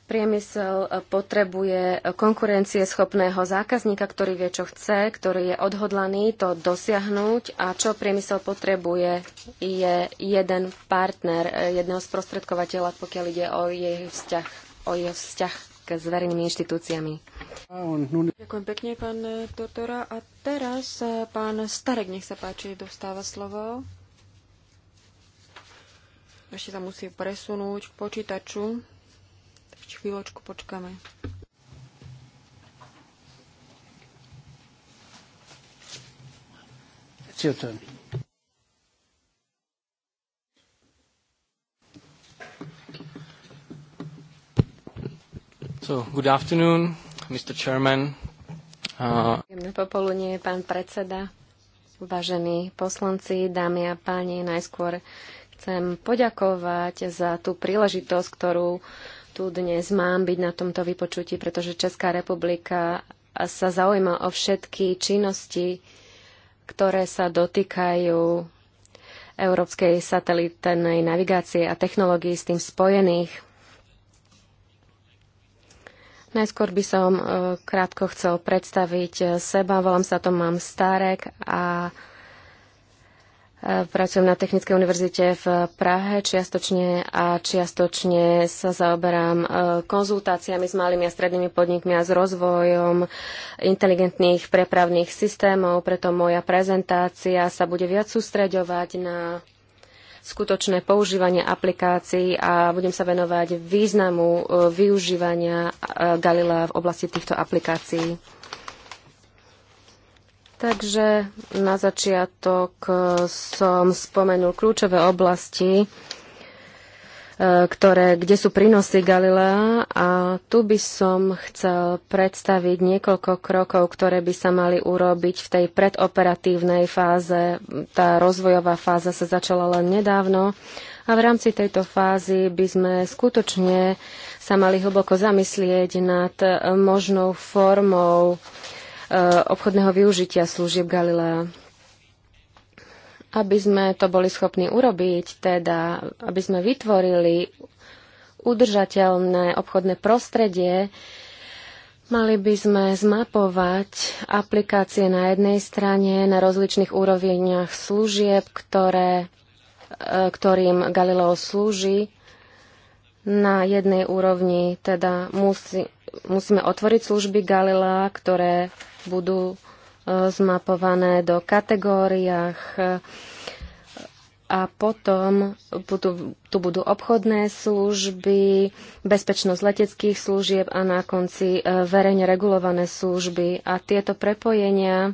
Priemysel potrebuje konkurencieschopného zákazníka, ktorý vie, čo chce, ktorý je odhodlaný to dosiahnuť a čo priemysel potrebuje je jeden partner, jedného sprostredkovateľa, pokiaľ ide o jej vzťah, o jeho vzťah k zverejnými inštitúciami. Ďakujem pekne, pán Tortora. A teraz eh, pán Starek, nech sa páči, dostáva slovo. Ešte sa musí presunúť k počítaču. Ešte chvíľočku počkáme. It's your So, good afternoon, Mr. Chairman. Uh... popoludne, pán predseda, vážení poslanci, dámy a páni, najskôr Chcem poďakovať za tú príležitosť, ktorú tu dnes mám byť na tomto vypočutí, pretože Česká republika sa zaujíma o všetky činnosti, ktoré sa dotýkajú európskej satelitnej navigácie a technológií s tým spojených. Najskôr by som e, krátko chcel predstaviť e, seba. Volám sa Tomám Stárek a Pracujem na Technickej univerzite v Prahe čiastočne a čiastočne sa zaoberám e, konzultáciami s malými a strednými podnikmi a s rozvojom inteligentných prepravných systémov, preto moja prezentácia sa bude viac sústreďovať na skutočné používanie aplikácií a budem sa venovať významu e, využívania e, Galilea v oblasti týchto aplikácií. Takže na začiatok e, som spomenul kľúčové oblasti, e, ktoré, kde sú prínosy Galilea a tu by som chcel predstaviť niekoľko krokov, ktoré by sa mali urobiť v tej predoperatívnej fáze. Tá rozvojová fáza sa začala len nedávno a v rámci tejto fázy by sme skutočne sa mali hlboko zamyslieť nad možnou formou Eh, obchodného využitia služieb Galilea. Aby sme to boli schopní urobiť, teda aby sme vytvorili udržateľné obchodné prostredie, Mali by sme zmapovať aplikácie na jednej strane na rozličných úrovniach služieb, ktoré, eh, ktorým Galileo slúži. Na jednej úrovni teda musí, musíme otvoriť služby Galilea, ktoré budú e, zmapované do kategóriách e, a potom budú, tu budú obchodné služby, bezpečnosť leteckých služieb a na konci e, verejne regulované služby. A tieto prepojenia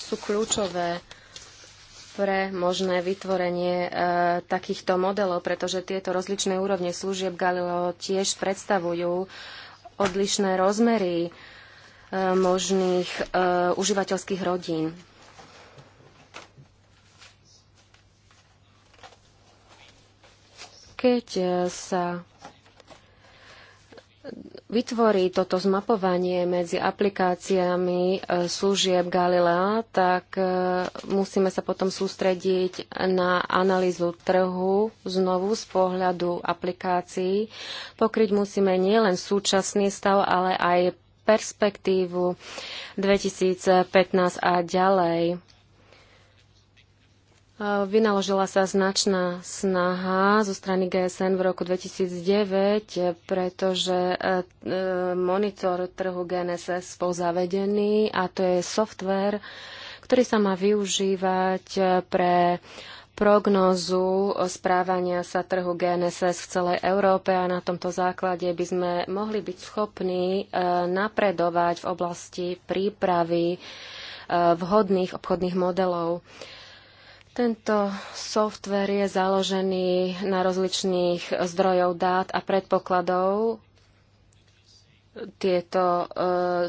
sú kľúčové pre možné vytvorenie e, takýchto modelov, pretože tieto rozličné úrovne služieb Galileo tiež predstavujú odlišné rozmery možných eh, užívateľských rodín. Keď eh, sa vytvorí toto zmapovanie medzi aplikáciami eh, služieb Galilea, tak musíme sa potom sústrediť na analýzu trhu znovu z pohľadu aplikácií. Pokryť musíme nielen súčasný stav, ale aj perspektívu 2015 a ďalej. Vynaložila sa značná snaha zo strany GSN v roku 2009, pretože e, e, monitor trhu GNSS bol zavedený a to je software, ktorý sa má využívať pre prognózu správania sa trhu GNSS v celej Európe a na tomto základe by sme mohli byť schopní e, napredovať v oblasti prípravy e, vhodných obchodných modelov. Tento software je založený na rozličných zdrojov dát a predpokladov, tieto e,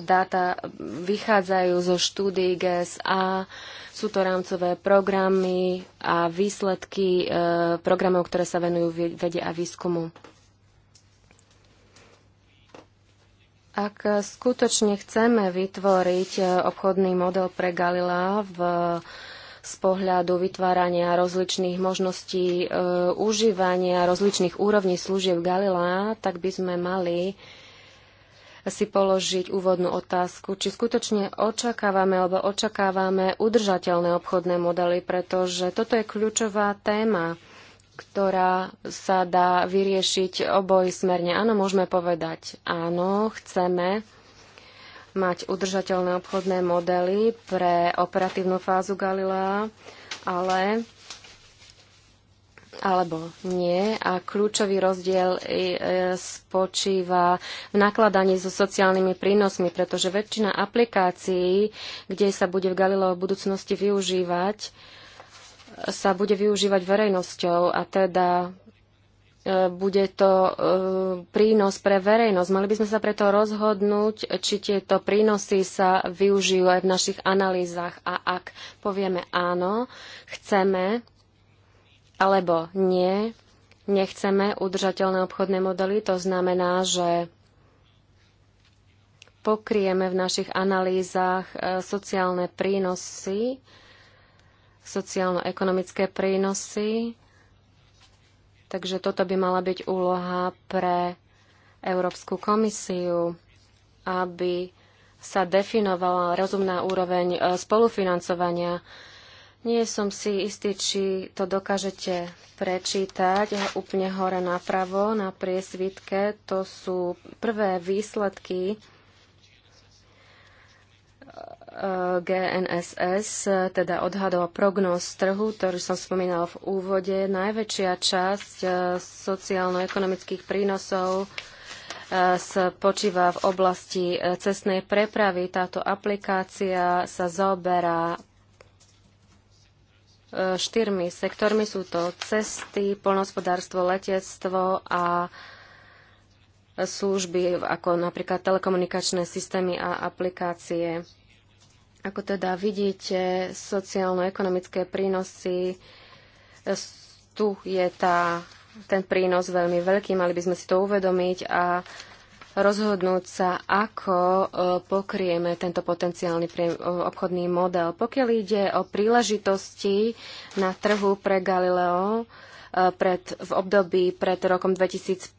dáta vychádzajú zo štúdií GSA, sú to rámcové programy a výsledky e, programov, ktoré sa venujú vede a výskumu. Ak skutočne chceme vytvoriť e, obchodný model pre Galila v, z pohľadu vytvárania rozličných možností e, užívania rozličných úrovní služieb Galilea, tak by sme mali e, si položiť úvodnú otázku, či skutočne očakávame alebo očakávame udržateľné obchodné modely, pretože toto je kľúčová téma, ktorá sa dá vyriešiť oboj smerne. Áno, môžeme povedať, áno, chceme mať udržateľné obchodné modely pre operatívnu fázu Galilea, ale alebo nie. A kľúčový rozdiel e, e, spočíva v nakladaní so sociálnymi prínosmi, pretože väčšina aplikácií, kde sa bude v Galileo v budúcnosti využívať, sa bude využívať verejnosťou a teda e, bude to prínos pre verejnosť. Mali by sme sa preto rozhodnúť, či tieto prínosy sa využijú aj v našich analýzach a ak povieme áno, chceme alebo nie, nechceme udržateľné obchodné modely. To znamená, že pokrieme v našich analýzach e, sociálne prínosy, sociálno-ekonomické prínosy. Takže toto by mala byť úloha pre Európsku komisiu, aby sa definovala rozumná úroveň e, spolufinancovania nie som si istý, či to dokážete prečítať úplne hore napravo na priesvitke. To sú prvé výsledky eh, GNSS, teda odhadov a prognóz trhu, ktorý som spomínal v úvode. Najväčšia časť eh, sociálno-ekonomických prínosov eh, spočíva v oblasti cestnej prepravy. Táto aplikácia sa zaoberá štyrmi sektormi. Sú to cesty, polnospodárstvo, letectvo a služby ako napríklad telekomunikačné systémy a aplikácie. Ako teda vidíte, sociálno-ekonomické prínosy, tu je tá, ten prínos veľmi veľký, mali by sme si to uvedomiť a rozhodnúť sa, ako e, pokrieme tento potenciálny e, obchodný model. Pokiaľ ide o príležitosti na trhu pre Galileo, e, pred, v období pred rokom 2015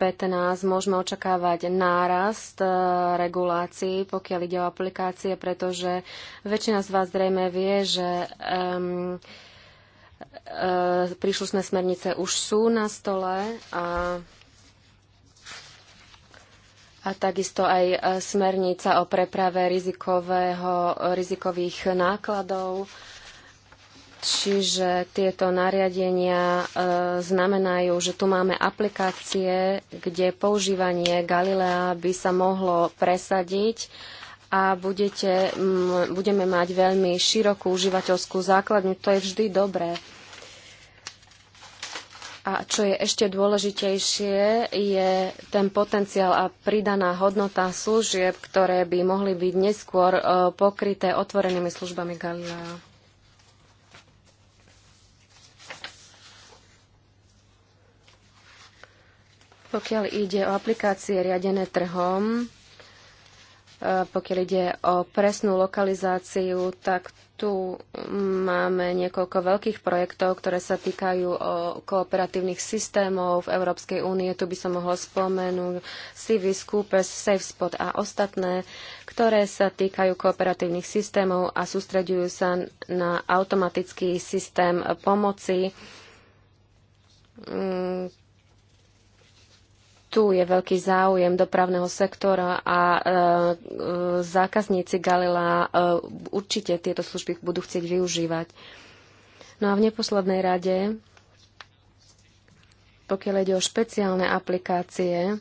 môžeme očakávať nárast e, regulácií, pokiaľ ide o aplikácie, pretože väčšina z vás zrejme vie, že e, e, príslušné smernice už sú na stole a a takisto aj e, smernica o preprave rizikového, rizikových nákladov. Čiže tieto nariadenia e, znamenajú, že tu máme aplikácie, kde používanie Galilea by sa mohlo presadiť a budete, m, budeme mať veľmi širokú užívateľskú základňu. To je vždy dobré. A čo je ešte dôležitejšie, je ten potenciál a pridaná hodnota služieb, ktoré by mohli byť neskôr e, pokryté otvorenými službami Galilea. Pokiaľ ide o aplikácie riadené trhom, Eh, pokiaľ ide o presnú lokalizáciu, tak tu máme niekoľko veľkých projektov, ktoré sa týkajú o kooperatívnych systémov v Európskej únie. Tu by som mohol spomenúť Civis, Coopers, SafeSpot a ostatné, ktoré sa týkajú kooperatívnych systémov a sústreďujú sa na automatický systém pomoci mm, tu je veľký záujem dopravného sektora a e, e zákazníci Galila e, určite tieto služby budú chcieť využívať. No a v neposlednej rade, pokiaľ ide o špeciálne aplikácie,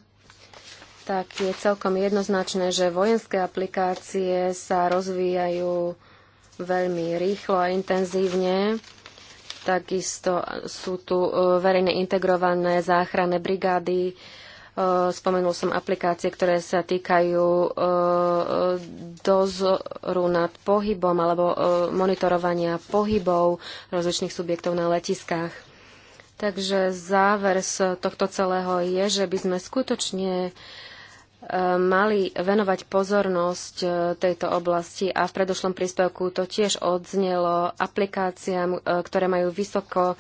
tak je celkom jednoznačné, že vojenské aplikácie sa rozvíjajú veľmi rýchlo a intenzívne. Takisto sú tu e, verejne integrované záchranné brigády, Eh, spomenul som aplikácie, ktoré sa týkajú eh, dozoru nad pohybom alebo eh, monitorovania pohybov rozličných subjektov na letiskách. Takže záver z tohto celého je, že by sme skutočne mali venovať pozornosť tejto oblasti a v predošlom príspevku to tiež odznelo aplikáciám, ktoré majú vysoko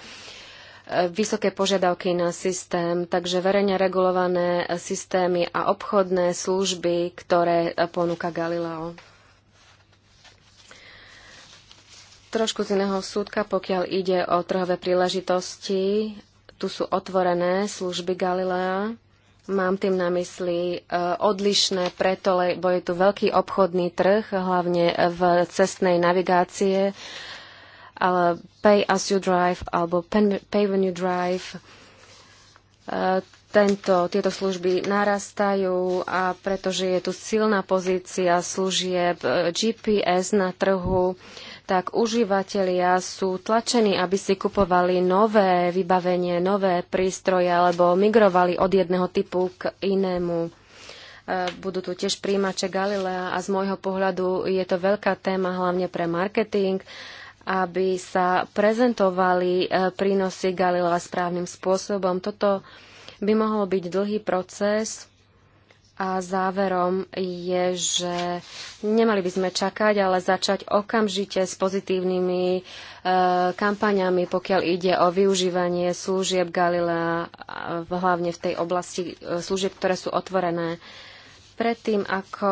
vysoké požiadavky na systém, takže verejne regulované systémy a obchodné služby, ktoré ponúka Galileo. Trošku z iného súdka, pokiaľ ide o trhové príležitosti, tu sú otvorené služby Galilea. Mám tým na mysli e, odlišné preto, lebo je tu veľký obchodný trh, hlavne v cestnej navigácie ale Pay As You Drive alebo Pay When You Drive. E, tento, tieto služby narastajú a pretože je tu silná pozícia služieb e, GPS na trhu, tak užívateľia sú tlačení, aby si kupovali nové vybavenie, nové prístroje alebo migrovali od jedného typu k inému e, budú tu tiež príjimače Galilea a z môjho pohľadu je to veľká téma hlavne pre marketing aby sa prezentovali e, prínosy Galilea správnym spôsobom. Toto by mohol byť dlhý proces a záverom je, že nemali by sme čakať, ale začať okamžite s pozitívnymi e, pokiaľ ide o využívanie služieb Galilea, hlavne v tej oblasti e, služieb, ktoré sú otvorené. E, Predtým, ako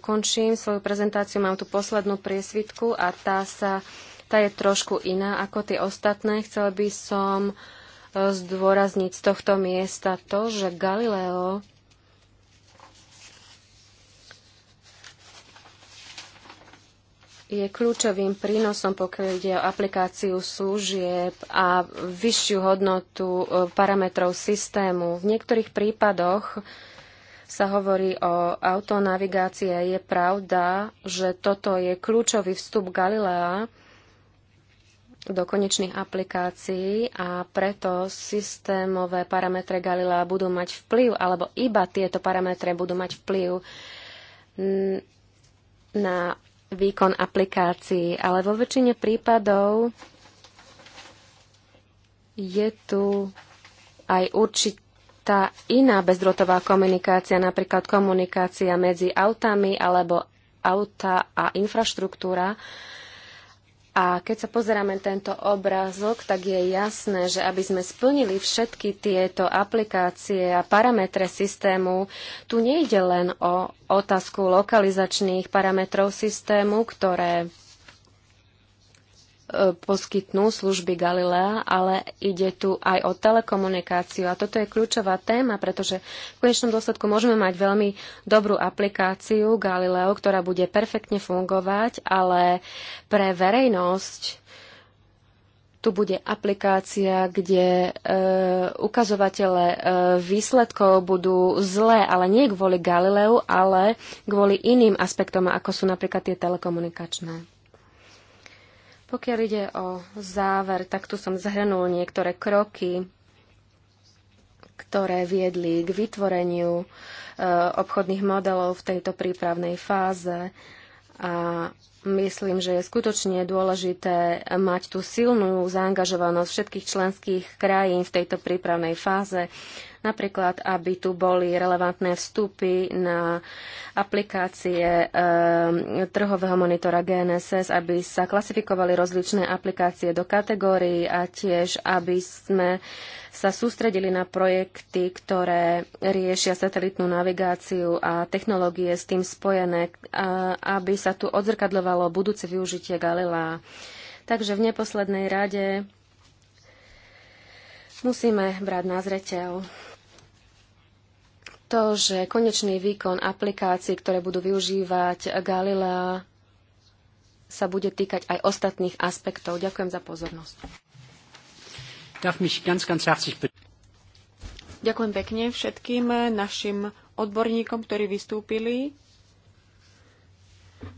ukončím svoju prezentáciu, mám tu poslednú priesvitku a tá, sa, tá je trošku iná ako tie ostatné. Chcela by som zdôrazniť z tohto miesta to, že Galileo je kľúčovým prínosom, pokiaľ ide o aplikáciu služieb a vyššiu hodnotu parametrov systému. V niektorých prípadoch sa hovorí o autonavigácii. Je pravda, že toto je kľúčový vstup Galilea do konečných aplikácií a preto systémové parametre Galilea budú mať vplyv, alebo iba tieto parametre budú mať vplyv na výkon aplikácií. Ale vo väčšine prípadov je tu aj určitý tá iná bezdrotová komunikácia, napríklad komunikácia medzi autami alebo auta a infraštruktúra. A keď sa pozeráme tento obrázok, tak je jasné, že aby sme splnili všetky tieto aplikácie a parametre systému, tu nejde len o otázku lokalizačných parametrov systému, ktoré E, poskytnú služby Galilea, ale ide tu aj o telekomunikáciu. A toto je kľúčová téma, pretože v konečnom dôsledku môžeme mať veľmi dobrú aplikáciu Galileo, ktorá bude perfektne fungovať, ale pre verejnosť tu bude aplikácia, kde e, ukazovatele e, výsledkov budú zlé, ale nie kvôli Galileu, ale kvôli iným aspektom, ako sú napríklad tie telekomunikačné. Pokiaľ ide o záver, tak tu som zhrnul niektoré kroky, ktoré viedli k vytvoreniu e, obchodných modelov v tejto prípravnej fáze. A myslím, že je skutočne dôležité mať tú silnú zaangažovanosť všetkých členských krajín v tejto prípravnej fáze Napríklad, aby tu boli relevantné vstupy na aplikácie e, trhového monitora GNSS, aby sa klasifikovali rozličné aplikácie do kategórií a tiež, aby sme sa sústredili na projekty, ktoré riešia satelitnú navigáciu a technológie s tým spojené, a, aby sa tu odzrkadlovalo budúce využitie Galilea. Takže v neposlednej rade musíme brať na zreteľ to, že konečný výkon aplikácií, ktoré budú využívať Galilea, sa bude týkať aj ostatných aspektov. Ďakujem za pozornosť. Ďakujem pekne všetkým našim odborníkom, ktorí vystúpili.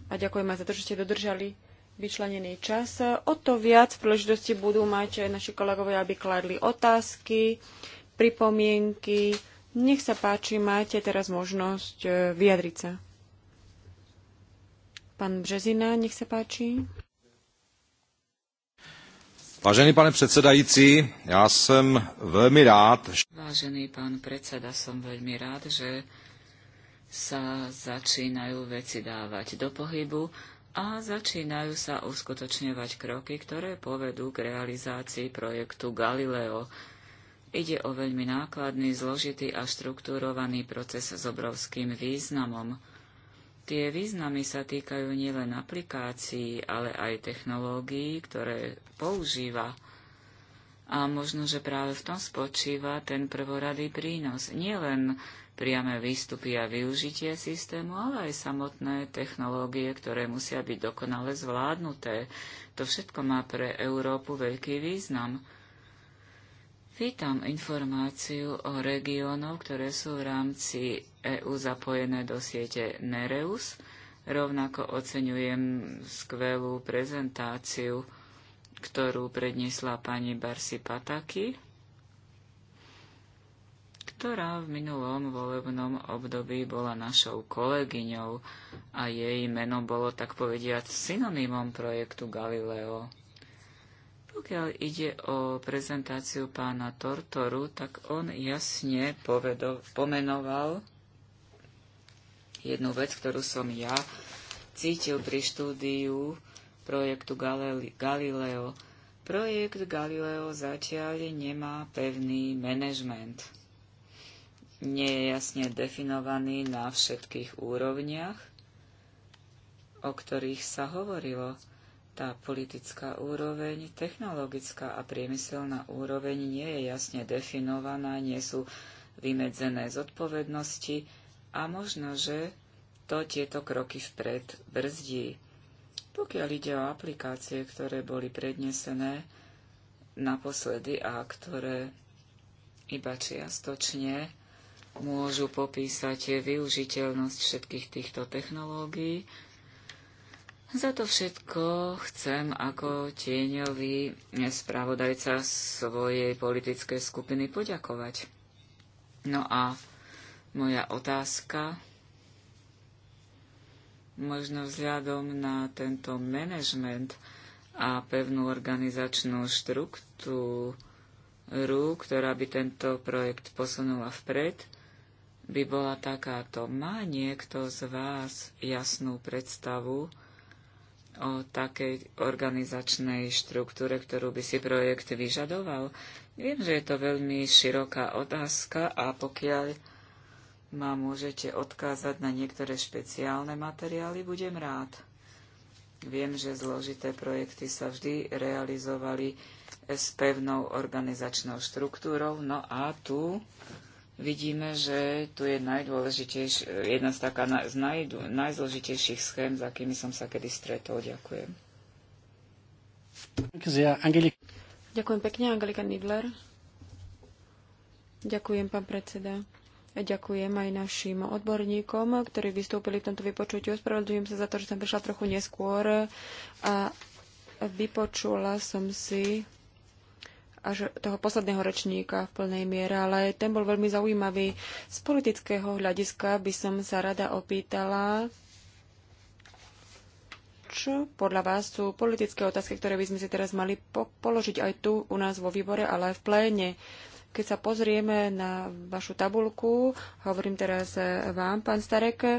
A ďakujem aj za to, že ste dodržali vyčlenený čas. O to viac príležitosti budú mať naši kolegovia, aby kladli otázky, pripomienky, nech sa páči, máte teraz možnosť e, vyjadriť sa. Pán Březina, nech sa páči. Vážený pane predsedajúci, ja som veľmi rád. Vážený pán predseda, som veľmi rád, že sa začínajú veci dávať do pohybu a začínajú sa uskutočňovať kroky, ktoré povedú k realizácii projektu Galileo. Ide o veľmi nákladný, zložitý a štruktúrovaný proces s obrovským významom. Tie významy sa týkajú nielen aplikácií, ale aj technológií, ktoré používa. A možno, že práve v tom spočíva ten prvoradý prínos. Nie len priame výstupy a využitie systému, ale aj samotné technológie, ktoré musia byť dokonale zvládnuté. To všetko má pre Európu veľký význam. Vítam informáciu o regiónov, ktoré sú v rámci EÚ zapojené do siete Nereus. Rovnako oceňujem skvelú prezentáciu, ktorú predniesla pani Barsi Pataki, ktorá v minulom volebnom období bola našou kolegyňou a jej meno bolo tak povediať synonymom projektu Galileo. Pokiaľ ide o prezentáciu pána Tortoru, tak on jasne povedo, pomenoval jednu vec, ktorú som ja cítil pri štúdiu projektu Galileo. Projekt Galileo zatiaľ nemá pevný manažment. Nie je jasne definovaný na všetkých úrovniach, o ktorých sa hovorilo. Tá politická úroveň, technologická a priemyselná úroveň nie je jasne definovaná, nie sú vymedzené zodpovednosti a možno, že to tieto kroky vpred brzdí. Pokiaľ ide o aplikácie, ktoré boli prednesené naposledy a ktoré iba čiastočne môžu popísať využiteľnosť všetkých týchto technológií, za to všetko chcem ako tieňový spravodajca svojej politickej skupiny poďakovať. No a moja otázka, možno vzhľadom na tento manažment a pevnú organizačnú štruktúru, ktorá by tento projekt posunula vpred, by bola takáto. Má niekto z vás jasnú predstavu, o takej organizačnej štruktúre, ktorú by si projekt vyžadoval? Viem, že je to veľmi široká otázka a pokiaľ ma môžete odkázať na niektoré špeciálne materiály, budem rád. Viem, že zložité projekty sa vždy realizovali s pevnou organizačnou štruktúrou, no a tu vidíme, že tu je jedna z, taká, z naj, najzložitejších schém, za akými som sa kedy stretol. Ďakujem. Ďakujem pekne, Angelika Nidler. Ďakujem, pán predseda. A ďakujem aj našim odborníkom, ktorí vystúpili v tomto vypočutí. Ospravedlňujem sa za to, že som prišla trochu neskôr a vypočula som si až toho posledného ročníka v plnej miere, ale ten bol veľmi zaujímavý. Z politického hľadiska by som sa rada opýtala, čo podľa vás sú politické otázky, ktoré by sme si teraz mali po- položiť aj tu u nás vo výbore, ale aj v pléne. Keď sa pozrieme na vašu tabulku, hovorím teraz e, vám, pán Starek, e,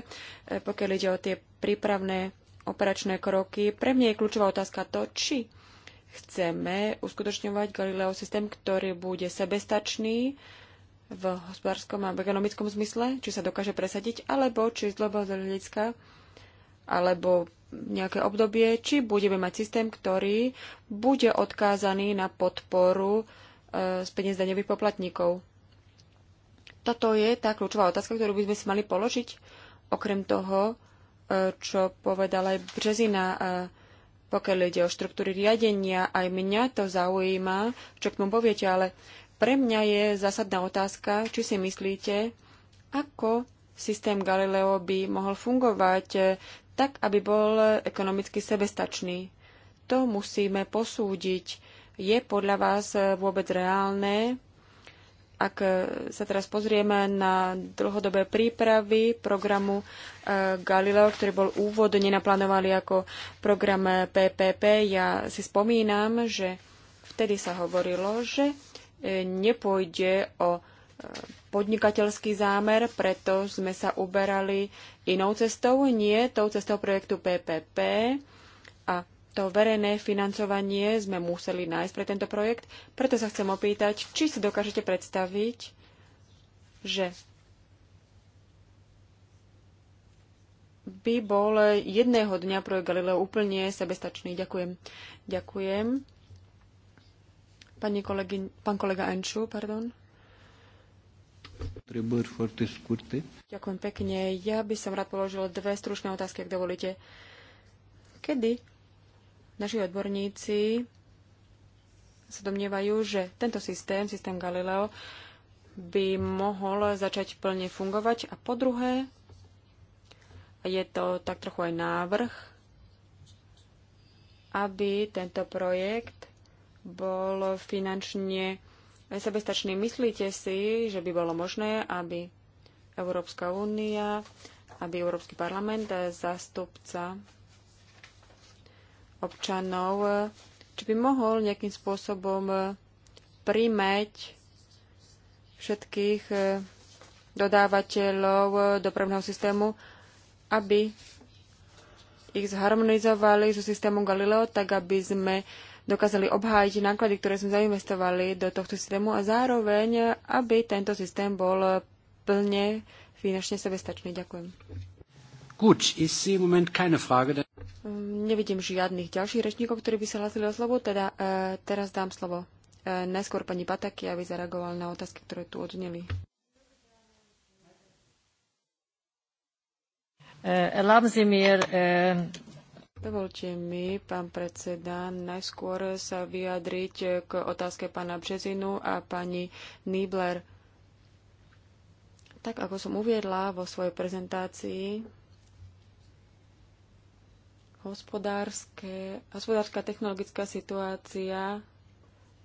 pokiaľ ide o tie prípravné operačné kroky, pre mňa je kľúčová otázka to, či Chceme uskutočňovať Galileo systém, ktorý bude sebestačný v hospodárskom a v ekonomickom zmysle, či sa dokáže presadiť, alebo či z dlhodobého hľadiska, alebo nejaké obdobie, či budeme mať systém, ktorý bude odkázaný na podporu e, z peniaz daňových poplatníkov. Toto je tá kľúčová otázka, ktorú by sme si mali položiť. Okrem toho, e, čo povedal aj Březina, e, pokiaľ ide o štruktúry riadenia, aj mňa to zaujíma, čo k tomu poviete, ale pre mňa je zásadná otázka, či si myslíte, ako systém Galileo by mohol fungovať eh, tak, aby bol ekonomicky sebestačný. To musíme posúdiť. Je podľa vás eh, vôbec reálne ak e, sa teraz pozrieme na dlhodobé prípravy programu e, Galileo, ktorý bol úvodne naplánovaný ako program PPP, e, ja si spomínam, že vtedy sa hovorilo, že nepôjde o podnikateľský zámer, preto sme sa uberali inou cestou, nie tou cestou projektu PPP, to verejné financovanie sme museli nájsť pre tento projekt. Preto sa chcem opýtať, či si dokážete predstaviť, že by bol jedného dňa projekt Galileo úplne sebestačný. Ďakujem. Ďakujem. Pani kolegy, pán kolega Enču, pardon. Ďakujem pekne. Ja by som rád položil dve stručné otázky, ak dovolíte. Kedy Naši odborníci sa domnievajú, že tento systém, systém Galileo, by mohol začať plne fungovať. A po druhé, je to tak trochu aj návrh, aby tento projekt bol finančne sebestačný. Myslíte si, že by bolo možné, aby Európska únia, aby Európsky parlament, zastupca občanov, e, či by mohol nejakým spôsobom e, primeť všetkých e, dodávateľov dopravného systému, aby ich zharmonizovali so systémom Galileo, tak aby sme dokázali obhájiť náklady, ktoré sme zainvestovali do tohto systému a zároveň, aby tento systém bol plne finančne sebestačný. Ďakujem. Gut, im Moment keine Frage. Mm, nevidím žiadnych ďalších rečníkov, ktorí by sa hlasili o slovo, teda e, teraz dám slovo e, najskôr pani Pataky, aby zareagoval na otázky, ktoré tu odneli. E, Dovolte mi, pán predseda, najskôr sa vyjadriť k otázke pána Březinu a pani Nibler. Tak ako som uviedla vo svojej prezentácii, hospodárska technologická situácia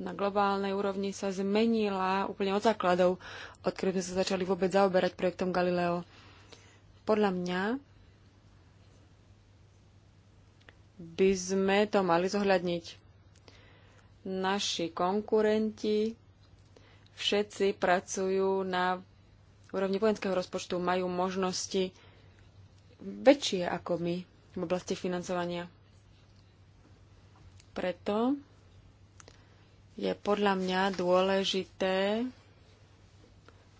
na globálnej úrovni sa zmenila úplne od základov, odkedy sme sa začali vôbec zaoberať projektom Galileo. Podľa mňa by sme to mali zohľadniť. Naši konkurenti všetci pracujú na úrovni vojenského rozpočtu, majú možnosti väčšie ako my v oblasti financovania. Preto je podľa mňa dôležité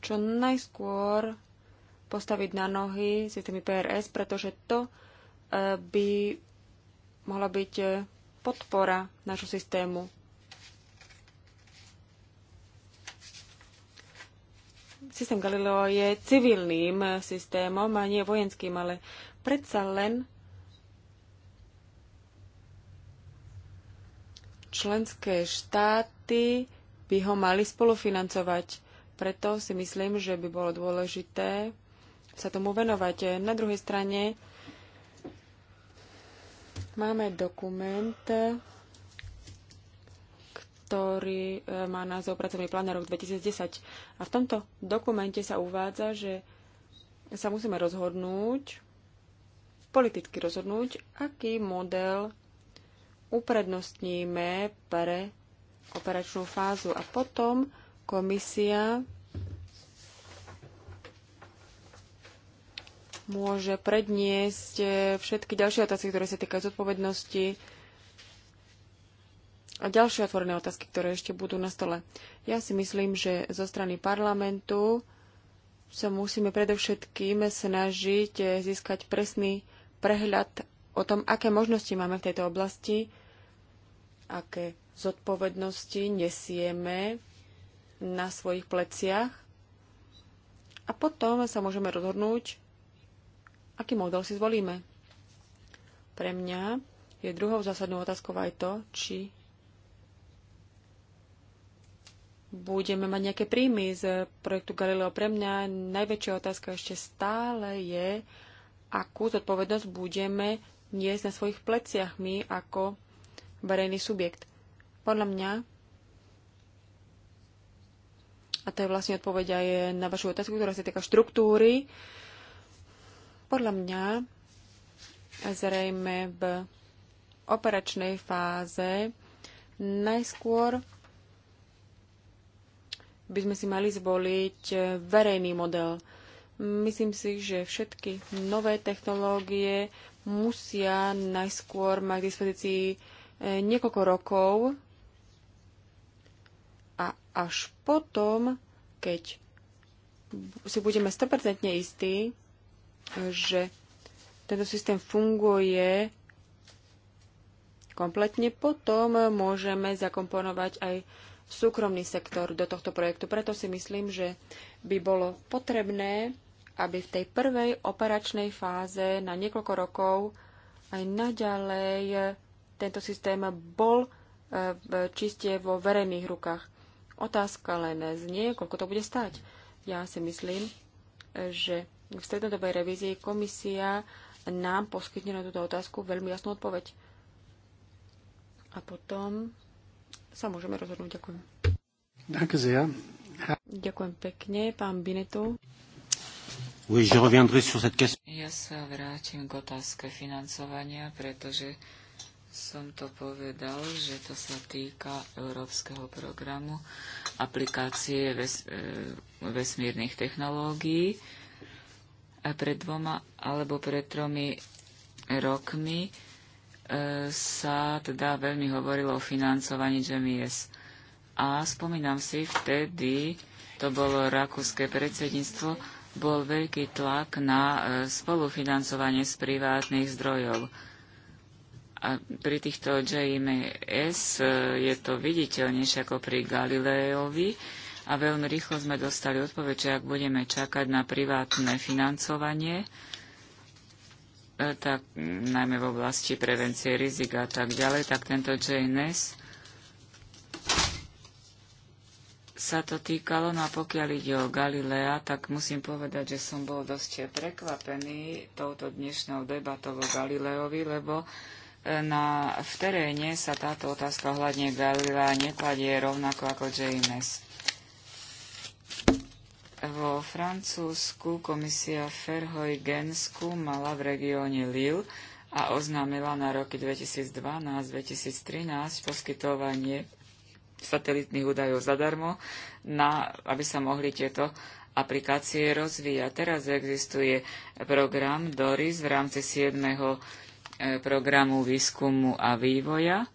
čo najskôr postaviť na nohy systémy PRS, pretože to e, by mohla byť e, podpora nášho systému. Systém Galileo je civilným systémom a nie vojenským, ale predsa len členské štáty by ho mali spolufinancovať. Preto si myslím, že by bolo dôležité sa tomu venovať. Na druhej strane máme dokument, ktorý e, má názov Pracovný plán na rok 2010. A v tomto dokumente sa uvádza, že sa musíme rozhodnúť, politicky rozhodnúť, aký model uprednostníme pre operačnú fázu a potom komisia môže predniesť eh, všetky ďalšie otázky, ktoré sa týkajú zodpovednosti a ďalšie otvorené otázky, ktoré ešte budú na stole. Ja si myslím, že zo strany parlamentu sa musíme predovšetkým snažiť eh, získať presný prehľad o tom, aké možnosti máme v tejto oblasti aké zodpovednosti nesieme na svojich pleciach a potom sa môžeme rozhodnúť, aký model si zvolíme. Pre mňa je druhou zásadnou otázkou aj to, či budeme mať nejaké príjmy z projektu Galileo. Pre mňa najväčšia otázka ešte stále je, akú zodpovednosť budeme niesť na svojich pleciach my ako verejný subjekt. Podľa mňa, a to je vlastne odpoveď aj na vašu otázku, ktorá sa týka štruktúry, podľa mňa zrejme v operačnej fáze najskôr by sme si mali zvoliť verejný model. Myslím si, že všetky nové technológie musia najskôr mať k dispozícii E, niekoľko rokov a až potom, keď si budeme 100% istí, e, že tento systém funguje kompletne, potom môžeme zakomponovať aj súkromný sektor do tohto projektu. Preto si myslím, že by bolo potrebné, aby v tej prvej operačnej fáze na niekoľko rokov aj naďalej tento systém bol e, čiste vo verejných rukách. Otázka len znie, koľko to bude stať. Ja si myslím, že v strednodobej revízii komisia nám poskytne na túto otázku veľmi jasnú odpoveď. A potom sa môžeme rozhodnúť. Ďakujem. Ďakujem. pekne, pán Binetu. Ja sa vrátim k otázke financovania, pretože som to povedal, že to sa týka európskeho programu aplikácie ves, e, vesmírnych technológií. A pred dvoma alebo pred tromi rokmi e, sa teda veľmi hovorilo o financovaní GMS. A spomínam si, vtedy to bolo rakúske predsedníctvo, bol veľký tlak na e, spolufinancovanie z privátnych zdrojov. A pri týchto JMS e, je to viditeľnejšie ako pri Galileovi a veľmi rýchlo sme dostali odpoveď, že ak budeme čakať na privátne financovanie, e, tak najmä v oblasti prevencie rizika a tak ďalej, tak tento JNS sa to týkalo, no a pokiaľ ide o Galilea, tak musím povedať, že som bol dosť prekvapený touto dnešnou debatou o Galileovi, lebo na, v teréne sa táto otázka hľadne Galilea nekladie rovnako ako James. Vo Francúzsku komisia Ferhojgen skúmala v regióne Lille a oznámila na roky 2012-2013 poskytovanie satelitných údajov zadarmo, na, aby sa mohli tieto aplikácie rozvíjať. Teraz existuje program DORIS v rámci 7 E, programu výskumu a vývoja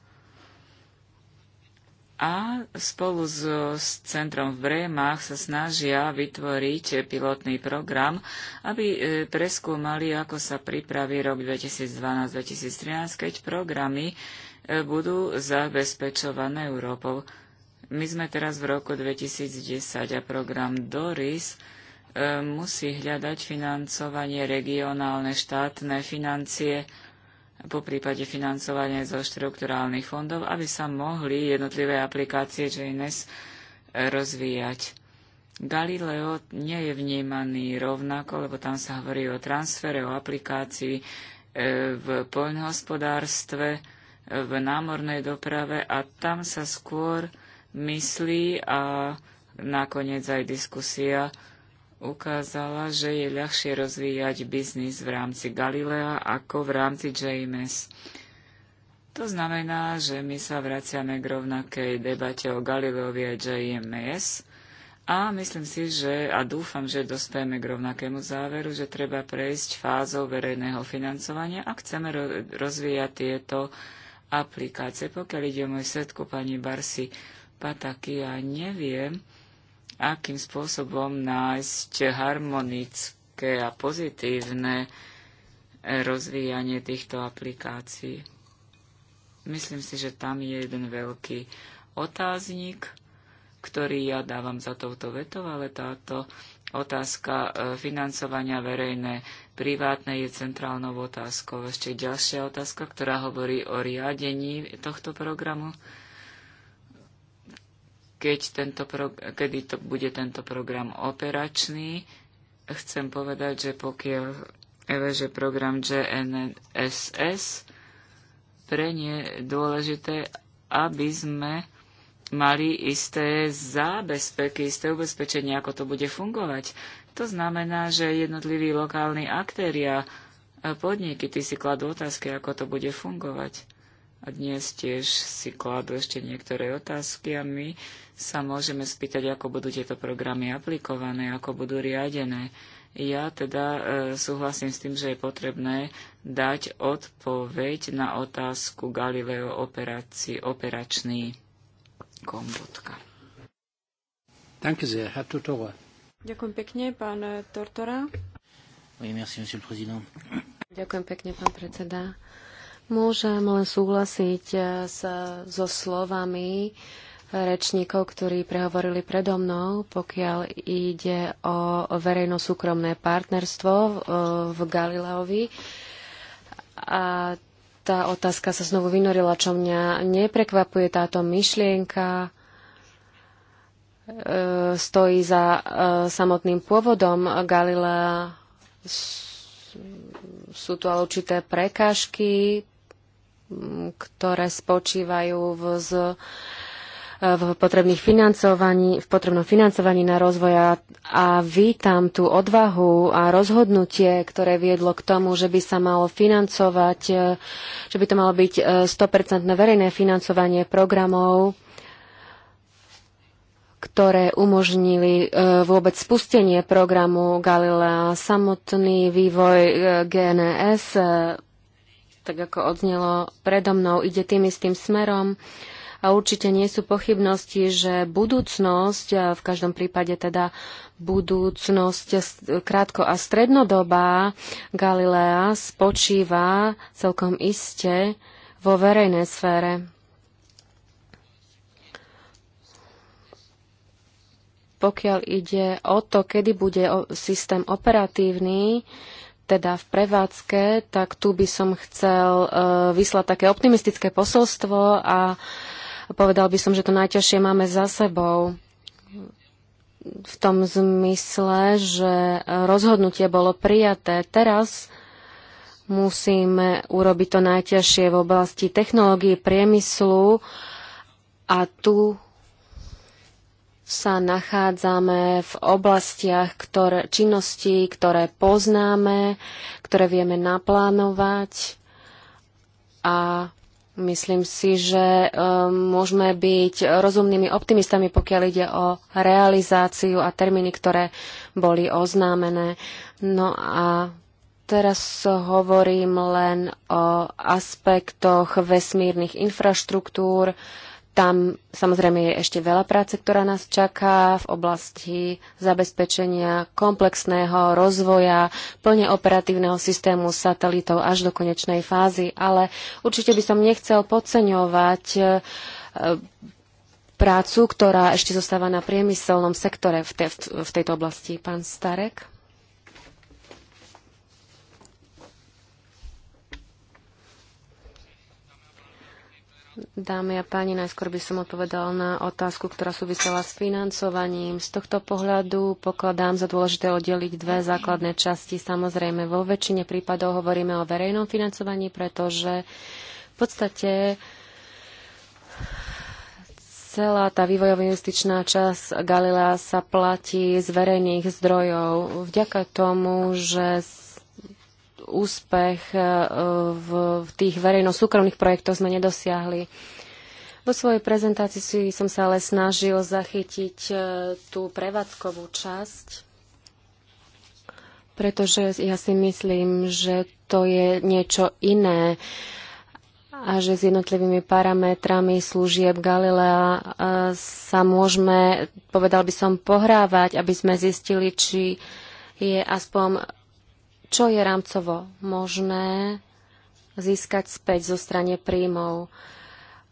a spolu so, s centrom v Brémach sa snažia vytvoriť pilotný program, aby e, preskúmali, ako sa pripraví rok 2012-2013, keď programy e, budú zabezpečované Európou. My sme teraz v roku 2010 a program DORIS musí hľadať financovanie regionálne štátne financie, po prípade financovania zo štrukturálnych fondov, aby sa mohli jednotlivé aplikácie JNS e, rozvíjať. Galileo nie je vnímaný rovnako, lebo tam sa hovorí o transfere, o aplikácii e, v poľnohospodárstve, e, v námornej doprave a tam sa skôr myslí a nakoniec aj diskusia ukázala, že je ľahšie rozvíjať biznis v rámci Galilea ako v rámci JMS. To znamená, že my sa vraciame k rovnakej debate o Galileovi a JMS a myslím si, že a dúfam, že dospejeme k rovnakému záveru, že treba prejsť fázou verejného financovania a chceme rozvíjať tieto aplikácie. Pokiaľ ide o moju setku pani Barsi Pataky, ja neviem, akým spôsobom nájsť harmonické a pozitívne rozvíjanie týchto aplikácií. Myslím si, že tam je jeden veľký otáznik, ktorý ja dávam za touto vetou, ale táto otázka e, financovania verejné privátne je centrálnou otázkou. Ešte ďalšia otázka, ktorá hovorí o riadení tohto programu keď, tento pro, kedy to bude tento program operačný. Chcem povedať, že pokiaľ že program GNSS pre ne dôležité, aby sme mali isté zábezpeky, isté ubezpečenie, ako to bude fungovať. To znamená, že jednotliví lokálni aktéria a podniky, ty si kladú otázky, ako to bude fungovať. A dnes tiež si kladú ešte niektoré otázky a my sa môžeme spýtať, ako budú tieto programy aplikované, ako budú riadené. Ja teda e, súhlasím s tým, že je potrebné dať odpoveď na otázku Galileo operácii, operačný kombotka. Ďakujem pekne, pán Tortora. Ďakujem pekne, pán predseda. Môžem len súhlasiť eh, sa, so slovami rečníkov, ktorí prehovorili predo mnou, pokiaľ ide o verejno-súkromné partnerstvo v eh, Galileovi. A tá otázka sa znovu vynorila, čo mňa neprekvapuje táto myšlienka eh, stojí za samotným pôvodom Galilea. Sú tu ale určité prekážky ktoré spočívajú v, z, v, potrebných financovaní, v potrebnom financovaní na rozvoja a vítam tú odvahu a rozhodnutie, ktoré viedlo k tomu, že by sa malo financovať, e, že by to malo byť 100% e, verejné financovanie programov ktoré umožnili e, vôbec spustenie programu Galilea. Samotný vývoj GNS tak ako odznelo predo mnou, ide tým istým smerom a určite nie sú pochybnosti, že budúcnosť, v každom prípade teda budúcnosť krátko a strednodobá Galilea spočíva celkom iste vo verejnej sfére. Pokiaľ ide o to, kedy bude systém operatívny, teda v prevádzke, tak tu by som chcel e, vyslať také optimistické posolstvo a povedal by som, že to najťažšie máme za sebou v tom zmysle, že rozhodnutie bolo prijaté. Teraz musíme urobiť to najťažšie v oblasti technológií, priemyslu a tu sa nachádzame v oblastiach ktoré, činností, ktoré poznáme, ktoré vieme naplánovať a myslím si, že um, môžeme byť rozumnými optimistami, pokiaľ ide o realizáciu a termíny, ktoré boli oznámené. No a teraz hovorím len o aspektoch vesmírnych infraštruktúr, uh, tam samozrejme je ešte veľa práce, ktorá nás čaká v oblasti zabezpečenia komplexného rozvoja, plne operatívneho systému satelitov až do konečnej fázy, ale určite by som nechcel podceňovať e, prácu, ktorá ešte zostáva na priemyselnom sektore v, te, v tejto oblasti. Pán Starek? Dámy a páni, najskôr by som odpovedal na otázku, ktorá súvisela s financovaním. Z tohto pohľadu pokladám za dôležité oddeliť dve základné časti. Samozrejme, vo väčšine prípadov hovoríme o verejnom financovaní, pretože v podstate celá tá vývojová investičná časť Galilea sa platí z verejných zdrojov. Vďaka tomu, že úspech e, v, tých verejno-súkromných projektoch sme nedosiahli. Vo svojej prezentácii som sa ale snažil zachytiť e, tú prevádzkovú časť, pretože ja si myslím, že to je niečo iné a že s jednotlivými parametrami služieb Galilea e, sa môžeme, povedal by som, pohrávať, aby sme zistili, či je aspoň čo je rámcovo možné získať späť zo strane príjmov.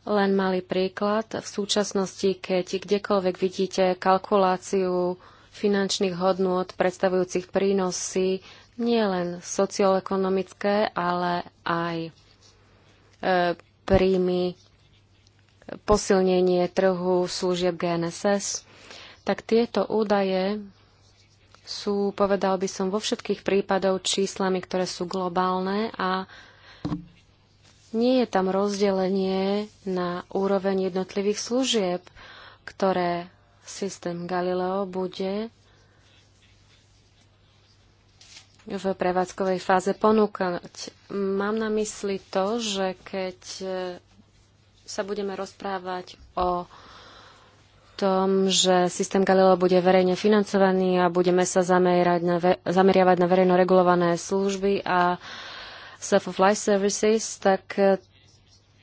Len malý príklad. V súčasnosti, keď kdekoľvek vidíte kalkuláciu finančných hodnôt predstavujúcich prínosy, nielen socioekonomické, ale aj e, príjmy, posilnenie trhu služieb GNSS, tak tieto údaje sú, povedal by som, vo všetkých prípadoch číslami, ktoré sú globálne a nie je tam rozdelenie na úroveň jednotlivých služieb, ktoré systém Galileo bude v prevádzkovej fáze ponúkať. Mám na mysli to, že keď sa budeme rozprávať o tom, že systém Galileo bude verejne financovaný a budeme sa zamerať na ve- zameriavať na verejno regulované služby a self-of-life services, tak eh,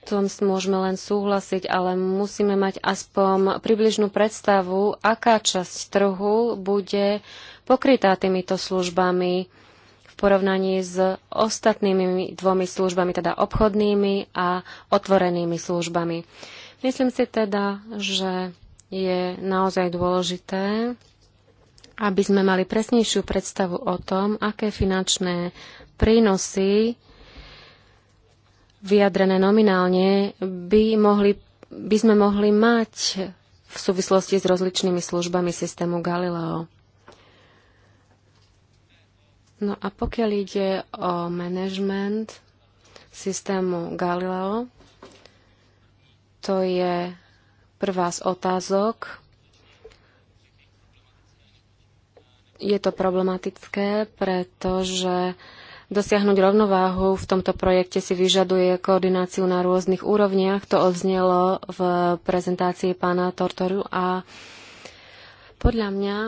tom môžeme len súhlasiť, ale musíme mať aspoň približnú predstavu, aká časť trhu bude pokrytá týmito službami v porovnaní s ostatnými dvomi službami, teda obchodnými a otvorenými službami. Myslím si teda, že je naozaj dôležité, aby sme mali presnejšiu predstavu o tom, aké finančné prínosy vyjadrené nominálne by, mohli, by sme mohli mať v súvislosti s rozličnými službami systému Galileo. No a pokiaľ ide o management systému Galileo, to je Prvá z otázok. Je to problematické, pretože dosiahnuť rovnováhu v tomto projekte si vyžaduje koordináciu na rôznych úrovniach. To odznelo v prezentácii pána Tortoru a podľa mňa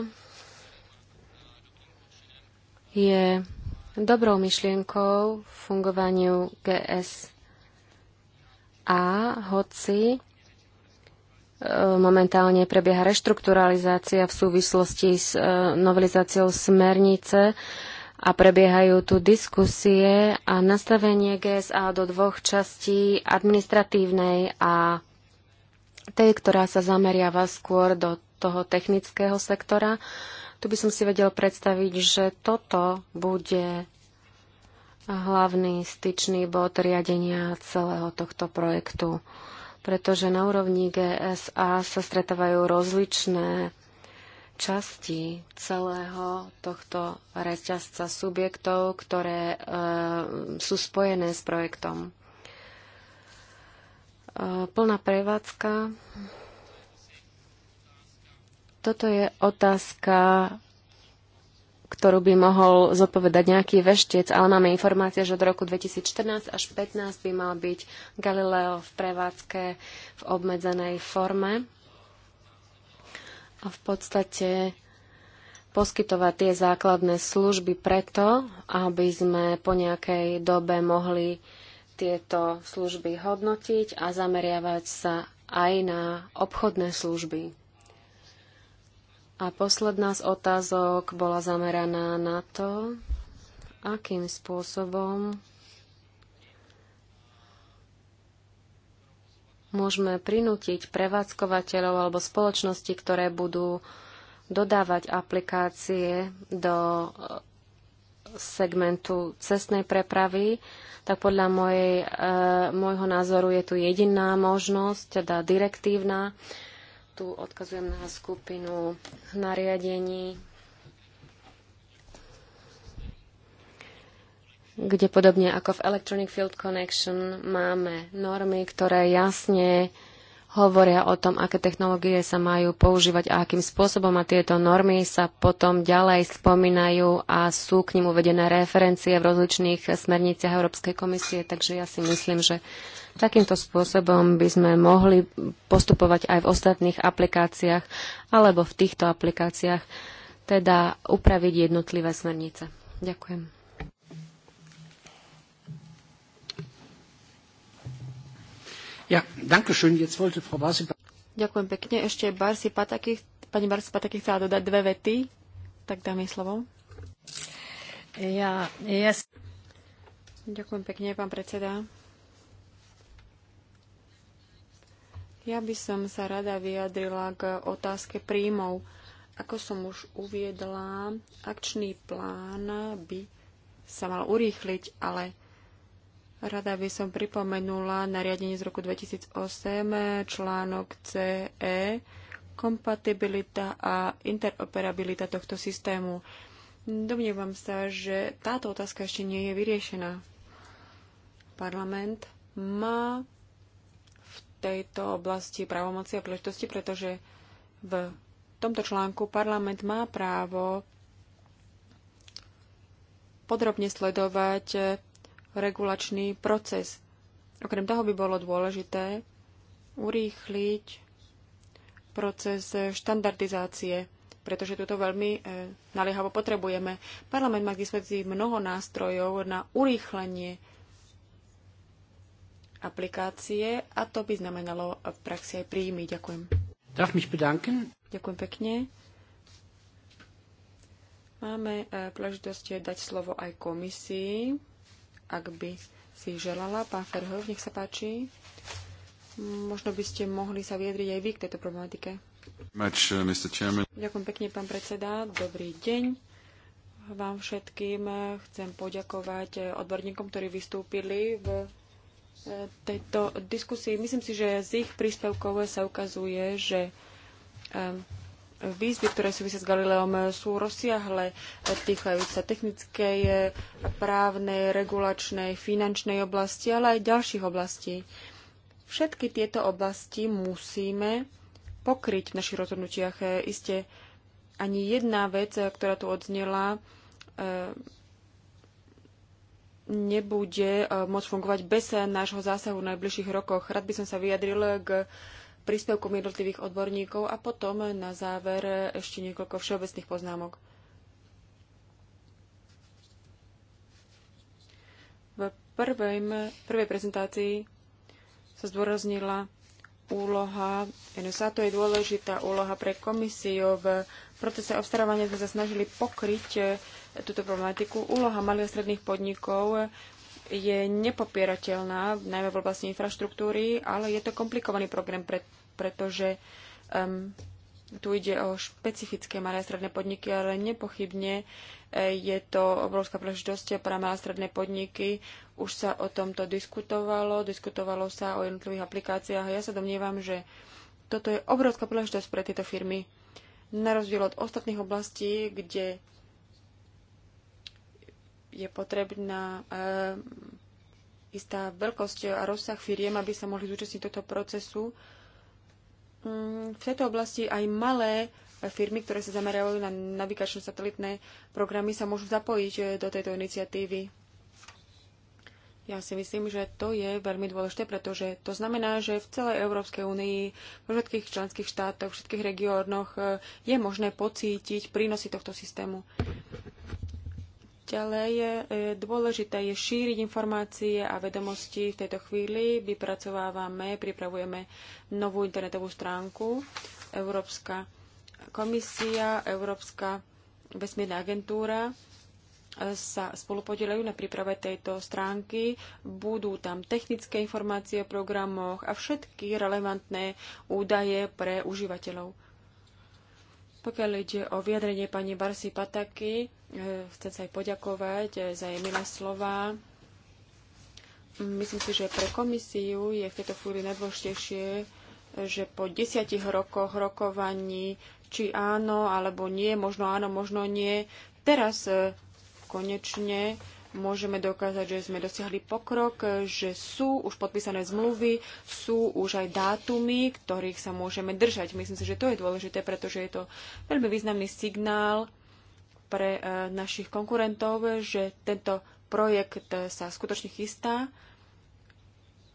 je dobrou myšlienkou fungovaniu GS a hoci momentálne prebieha reštrukturalizácia v súvislosti s e, novelizáciou smernice a prebiehajú tu diskusie a nastavenie GSA do dvoch častí administratívnej a tej, ktorá sa zameriava skôr do toho technického sektora. Tu by som si vedel predstaviť, že toto bude hlavný styčný bod riadenia celého tohto projektu pretože na úrovni GSA sa stretávajú rozličné časti celého tohto reťazca subjektov, ktoré e, sú spojené s projektom. E, plná prevádzka. Toto je otázka ktorú by mohol zodpovedať nejaký veštec, ale máme informácie, že od roku 2014 až 2015 by mal byť Galileo v prevádzke v obmedzenej forme a v podstate poskytovať tie základné služby preto, aby sme po nejakej dobe mohli tieto služby hodnotiť a zameriavať sa aj na obchodné služby. A posledná z otázok bola zameraná na to, akým spôsobom môžeme prinútiť prevádzkovateľov alebo spoločnosti, ktoré budú dodávať aplikácie do e, segmentu cestnej prepravy, tak podľa mojej, e, môjho názoru je tu jediná možnosť, teda direktívna, tu odkazujem na skupinu nariadení, kde podobne ako v Electronic Field Connection máme normy, ktoré jasne hovoria o tom, aké technológie sa majú používať a akým spôsobom a tieto normy sa potom ďalej spomínajú a sú k nim uvedené referencie v rozličných smerniciach Európskej komisie, takže ja si myslím, že Takýmto spôsobom by sme mohli postupovať aj v ostatných aplikáciách alebo v týchto aplikáciách, teda upraviť jednotlivé smernice. Ďakujem. Ja, danke schön. Jetzt wollte Frau Barsi... Ďakujem pekne. Ešte Barsi Pataky, pani Barsi Pataky chcela dodať dve vety, tak dám jej slovo. Ja, ja... Ďakujem pekne, pán predseda. Ja by som sa rada vyjadrila k otázke príjmov. Ako som už uviedla, akčný plán by sa mal urýchliť, ale rada by som pripomenula nariadenie z roku 2008, článok CE, kompatibilita a interoperabilita tohto systému. Domnievam sa, že táto otázka ešte nie je vyriešená. Parlament má tejto oblasti právomoci a príležitosti, pretože v tomto článku parlament má právo podrobne sledovať regulačný proces. Okrem toho by bolo dôležité urýchliť proces štandardizácie, pretože túto veľmi e, naliehavo potrebujeme. Parlament má k dispozícii mnoho nástrojov na urýchlenie aplikácie a to by znamenalo v praxi aj príjmy. Ďakujem. Darf mich bedanken. Ďakujem pekne. Máme e, príležitosť dať slovo aj komisii, ak by si želala. Pán Ferhov, nech sa páči. Možno by ste mohli sa vyjadriť aj vy k tejto problematike. Much, uh, Ďakujem pekne, pán predseda. Dobrý deň vám všetkým. Chcem poďakovať e, odborníkom, ktorí vystúpili v tejto diskusii. Myslím si, že z ich príspevkov sa ukazuje, že ehm, výzvy, ktoré súvisia s Galileom, sú rozsiahle, týkajú sa technickej, právnej, regulačnej, finančnej oblasti, ale aj ďalších oblastí. Všetky tieto oblasti musíme pokryť v našich rozhodnutiach. Isté ani jedna vec, ktorá tu odznela, ehm, nebude e, môcť fungovať bez e, nášho zásahu v najbližších rokoch. Rád by som sa vyjadril k príspevkom jednotlivých odborníkov a potom na záver e, ešte niekoľko všeobecných poznámok. V prvej, prvej prezentácii sa zdôraznila úloha NSA. To je dôležitá úloha pre komisiu. V procese obstarávania sme sa snažili pokryť túto problematiku. Úloha malých a stredných podnikov je nepopierateľná, najmä v oblasti infraštruktúry, ale je to komplikovaný program, pre, pretože um, tu ide o špecifické malé a stredné podniky, ale nepochybne e, je to obrovská príležitosť pre malé a stredné podniky. Už sa o tomto diskutovalo, diskutovalo sa o jednotlivých aplikáciách a ja sa domnievam, že toto je obrovská príležitosť pre tieto firmy. Na rozdiel od ostatných oblastí, kde je potrebná eh, istá veľkosť a rozsah firiem, aby sa mohli zúčastniť tohto procesu. Mm, v tejto oblasti aj malé firmy, ktoré sa zameriavajú na navigačné satelitné programy, sa môžu zapojiť eh, do tejto iniciatívy. Ja si myslím, že to je veľmi dôležité, pretože to znamená, že v celej Európskej únii, vo všetkých členských štátoch, všetkých regiónoch eh, je možné pocítiť prínosy tohto systému. Ďalej je dôležité je šíriť informácie a vedomosti. V tejto chvíli vypracovávame, pripravujeme novú internetovú stránku. Európska komisia, Európska vesmírna agentúra e, sa spolupodielajú na príprave tejto stránky. Budú tam technické informácie o programoch a všetky relevantné údaje pre užívateľov. Pokiaľ ide o vyjadrenie pani Barsi Pataky, eh, chcem sa aj poďakovať eh, za jej milé slova. Myslím si, že pre komisiu je v tejto chvíli najdôležitejšie, eh, že po desiatich rokoch rokovaní, či áno alebo nie, možno áno, možno nie, teraz konečne môžeme dokázať, že sme dosiahli pokrok, že sú už podpísané zmluvy, sú už aj dátumy, ktorých sa môžeme držať. Myslím si, že to je dôležité, pretože je to veľmi významný signál pre e, našich konkurentov, že tento projekt sa skutočne chystá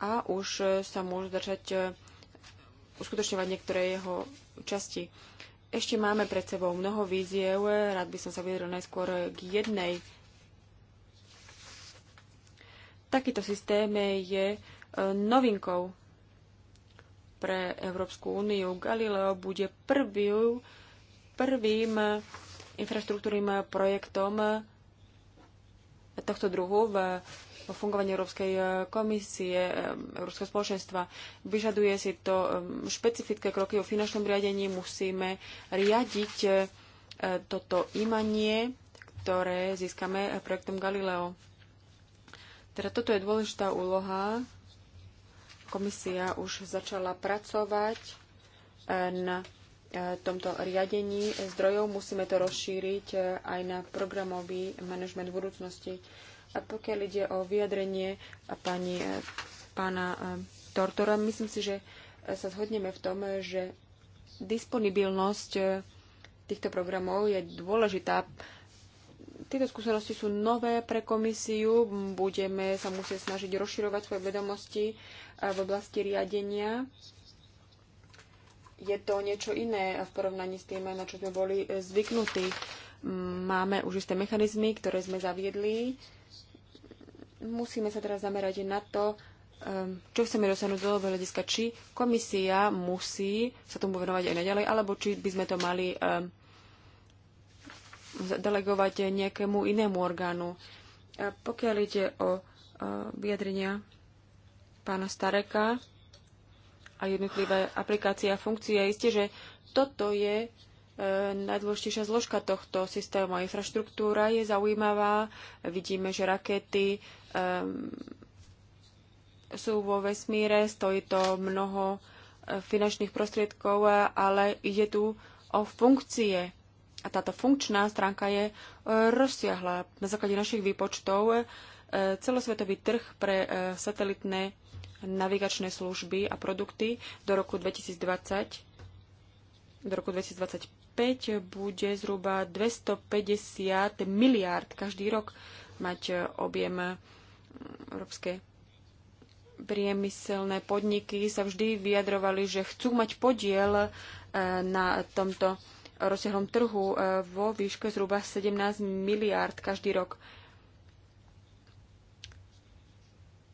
a už sa môžu začať e, uskutočňovať niektoré jeho časti. Ešte máme pred sebou mnoho víziev, rád by som sa vyjadril najskôr k jednej Takýto systém je e, novinkou pre Európsku úniu. Galileo bude prvý, prvým infraštruktúrnym projektom tohto druhu v fungovaní Európskej e, komisie, e, Európskeho spoločenstva. Vyžaduje si to špecifické kroky o finančnom riadení. Musíme riadiť toto imanie, ktoré získame projektom Galileo. Teda toto je dôležitá úloha. Komisia už začala pracovať e, na e, tomto riadení zdrojov. Musíme to rozšíriť e, aj na programový manažment v budúcnosti. A pokiaľ ide o vyjadrenie pani, pána Tortora, myslím si, že sa zhodneme v tom, že disponibilnosť týchto programov je dôležitá tieto skúsenosti sú nové pre komisiu. Budeme sa musieť snažiť rozširovať svoje vedomosti eh, v oblasti riadenia. Je to niečo iné v porovnaní s tým, na čo sme boli eh, zvyknutí. Máme už isté mechanizmy, ktoré sme zaviedli. Musíme sa teraz zamerať na to, eh, čo chceme dosiahnuť z dlhodobého hľadiska, či komisia musí sa tomu venovať aj naďalej, alebo či by sme to mali delegovať nejakému inému orgánu. A pokiaľ ide o e, vyjadrenia pána Stareka a jednotlivé aplikácie a funkcie, isté, že toto je e, najdôležitejšia zložka tohto systému. Infraštruktúra je zaujímavá. Vidíme, že rakety e, sú vo vesmíre, stojí to mnoho finančných prostriedkov, ale ide tu o funkcie a táto funkčná stránka je e, rozsiahla. Na základe našich výpočtov e, celosvetový trh pre e, satelitné navigačné služby a produkty do roku 2020 do roku 2025 bude zhruba 250 miliárd každý rok mať objem európske priemyselné podniky sa vždy vyjadrovali, že chcú mať podiel na tomto rozsiahlom trhu e, vo výške zhruba 17 miliárd každý rok.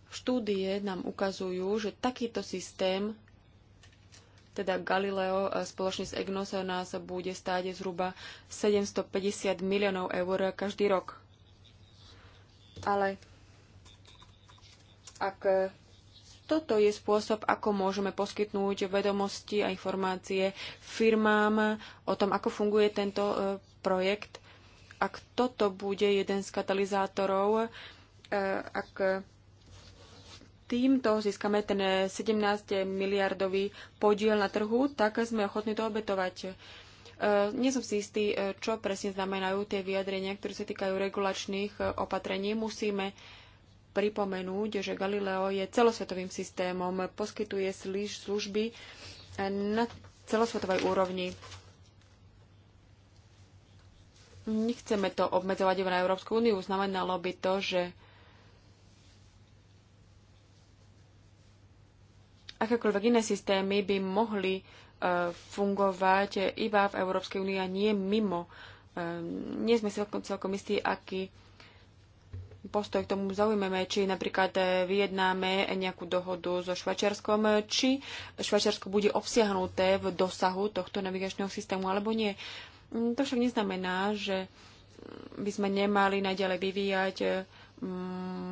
Štúdie nám ukazujú, že takýto systém, teda Galileo e, spoločne s EGNOS e, nás bude stáť zhruba 750 miliónov eur každý rok. Ale ak toto je spôsob, ako môžeme poskytnúť vedomosti a informácie firmám o tom, ako funguje tento e, projekt. Ak toto bude jeden z katalizátorov, e, ak týmto získame ten 17 miliardový podiel na trhu, tak sme ochotní to obetovať. E, nie som si istý, čo presne znamenajú tie vyjadrenia, ktoré sa týkajú regulačných opatrení. Musíme pripomenúť, že Galileo je celosvetovým systémom, poskytuje služby na celosvetovej úrovni. Nechceme to obmedzovať iba na Európsku úniu. Znamenalo by to, že akékoľvek iné systémy by mohli e, fungovať iba v Európskej únii a nie mimo. E, nie sme celkom, celkom istí, aký postoj k tomu zaujímame, či napríklad eh, vyjednáme nejakú dohodu so Švačiarskom, či Švačiarsko bude obsiahnuté v dosahu tohto navigačného systému alebo nie. Mm, to však neznamená, že by sme nemali naďalej vyvíjať eh,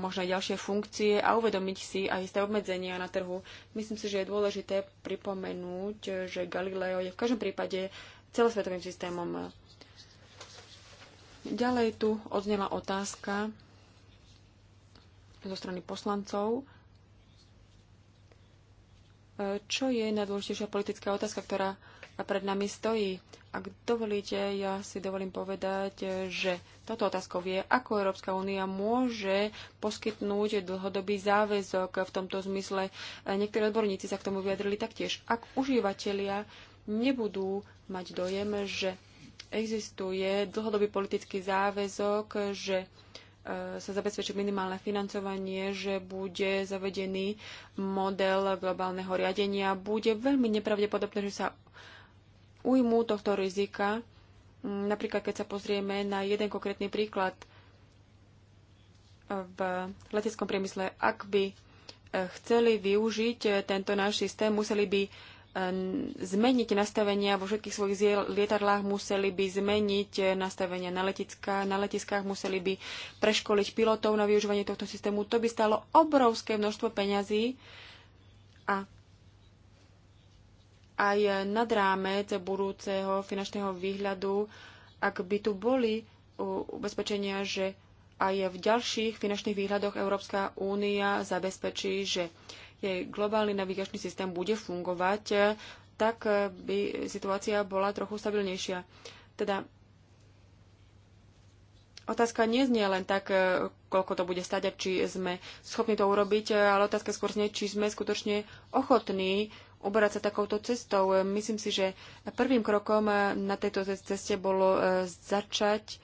možno aj ďalšie funkcie a uvedomiť si aj isté obmedzenia na trhu. Myslím si, že je dôležité pripomenúť, že Galileo je v každom prípade celosvetovým systémom. Ďalej tu odznela otázka, zo strany poslancov. Čo je najdôležitejšia politická otázka, ktorá pred nami stojí? Ak dovolíte, ja si dovolím povedať, že toto otázko je, ako Európska únia môže poskytnúť dlhodobý záväzok v tomto zmysle. Niektorí odborníci sa k tomu vyjadrili taktiež. Ak užívateľia nebudú mať dojem, že existuje dlhodobý politický záväzok, že E, sa zabezpečí minimálne financovanie, že bude zavedený model globálneho riadenia. Bude veľmi nepravdepodobné, že sa ujmú tohto rizika. Mm, napríklad, keď sa pozrieme na jeden konkrétny príklad e, v leteckom priemysle, ak by e, chceli využiť tento náš systém, museli by Ehm, zmeniť nastavenia vo všetkých svojich lietadlách, museli by zmeniť nastavenia na, letická na letiskách, museli by preškoliť pilotov na využívanie tohto systému. To by stalo obrovské množstvo peňazí a aj nad rámec budúceho finančného výhľadu, ak by tu boli ubezpečenia, že aj v ďalších finančných výhľadoch Európska únia zabezpečí, že jej globálny navigačný systém bude fungovať, eh, tak eh, by situácia bola trochu stabilnejšia. Teda otázka nie znie len tak, eh, koľko to bude stať a či sme schopní to urobiť, ale otázka skôr znie, či sme skutočne ochotní uberať sa takouto cestou. Myslím si, že prvým krokom na tejto ceste bolo začať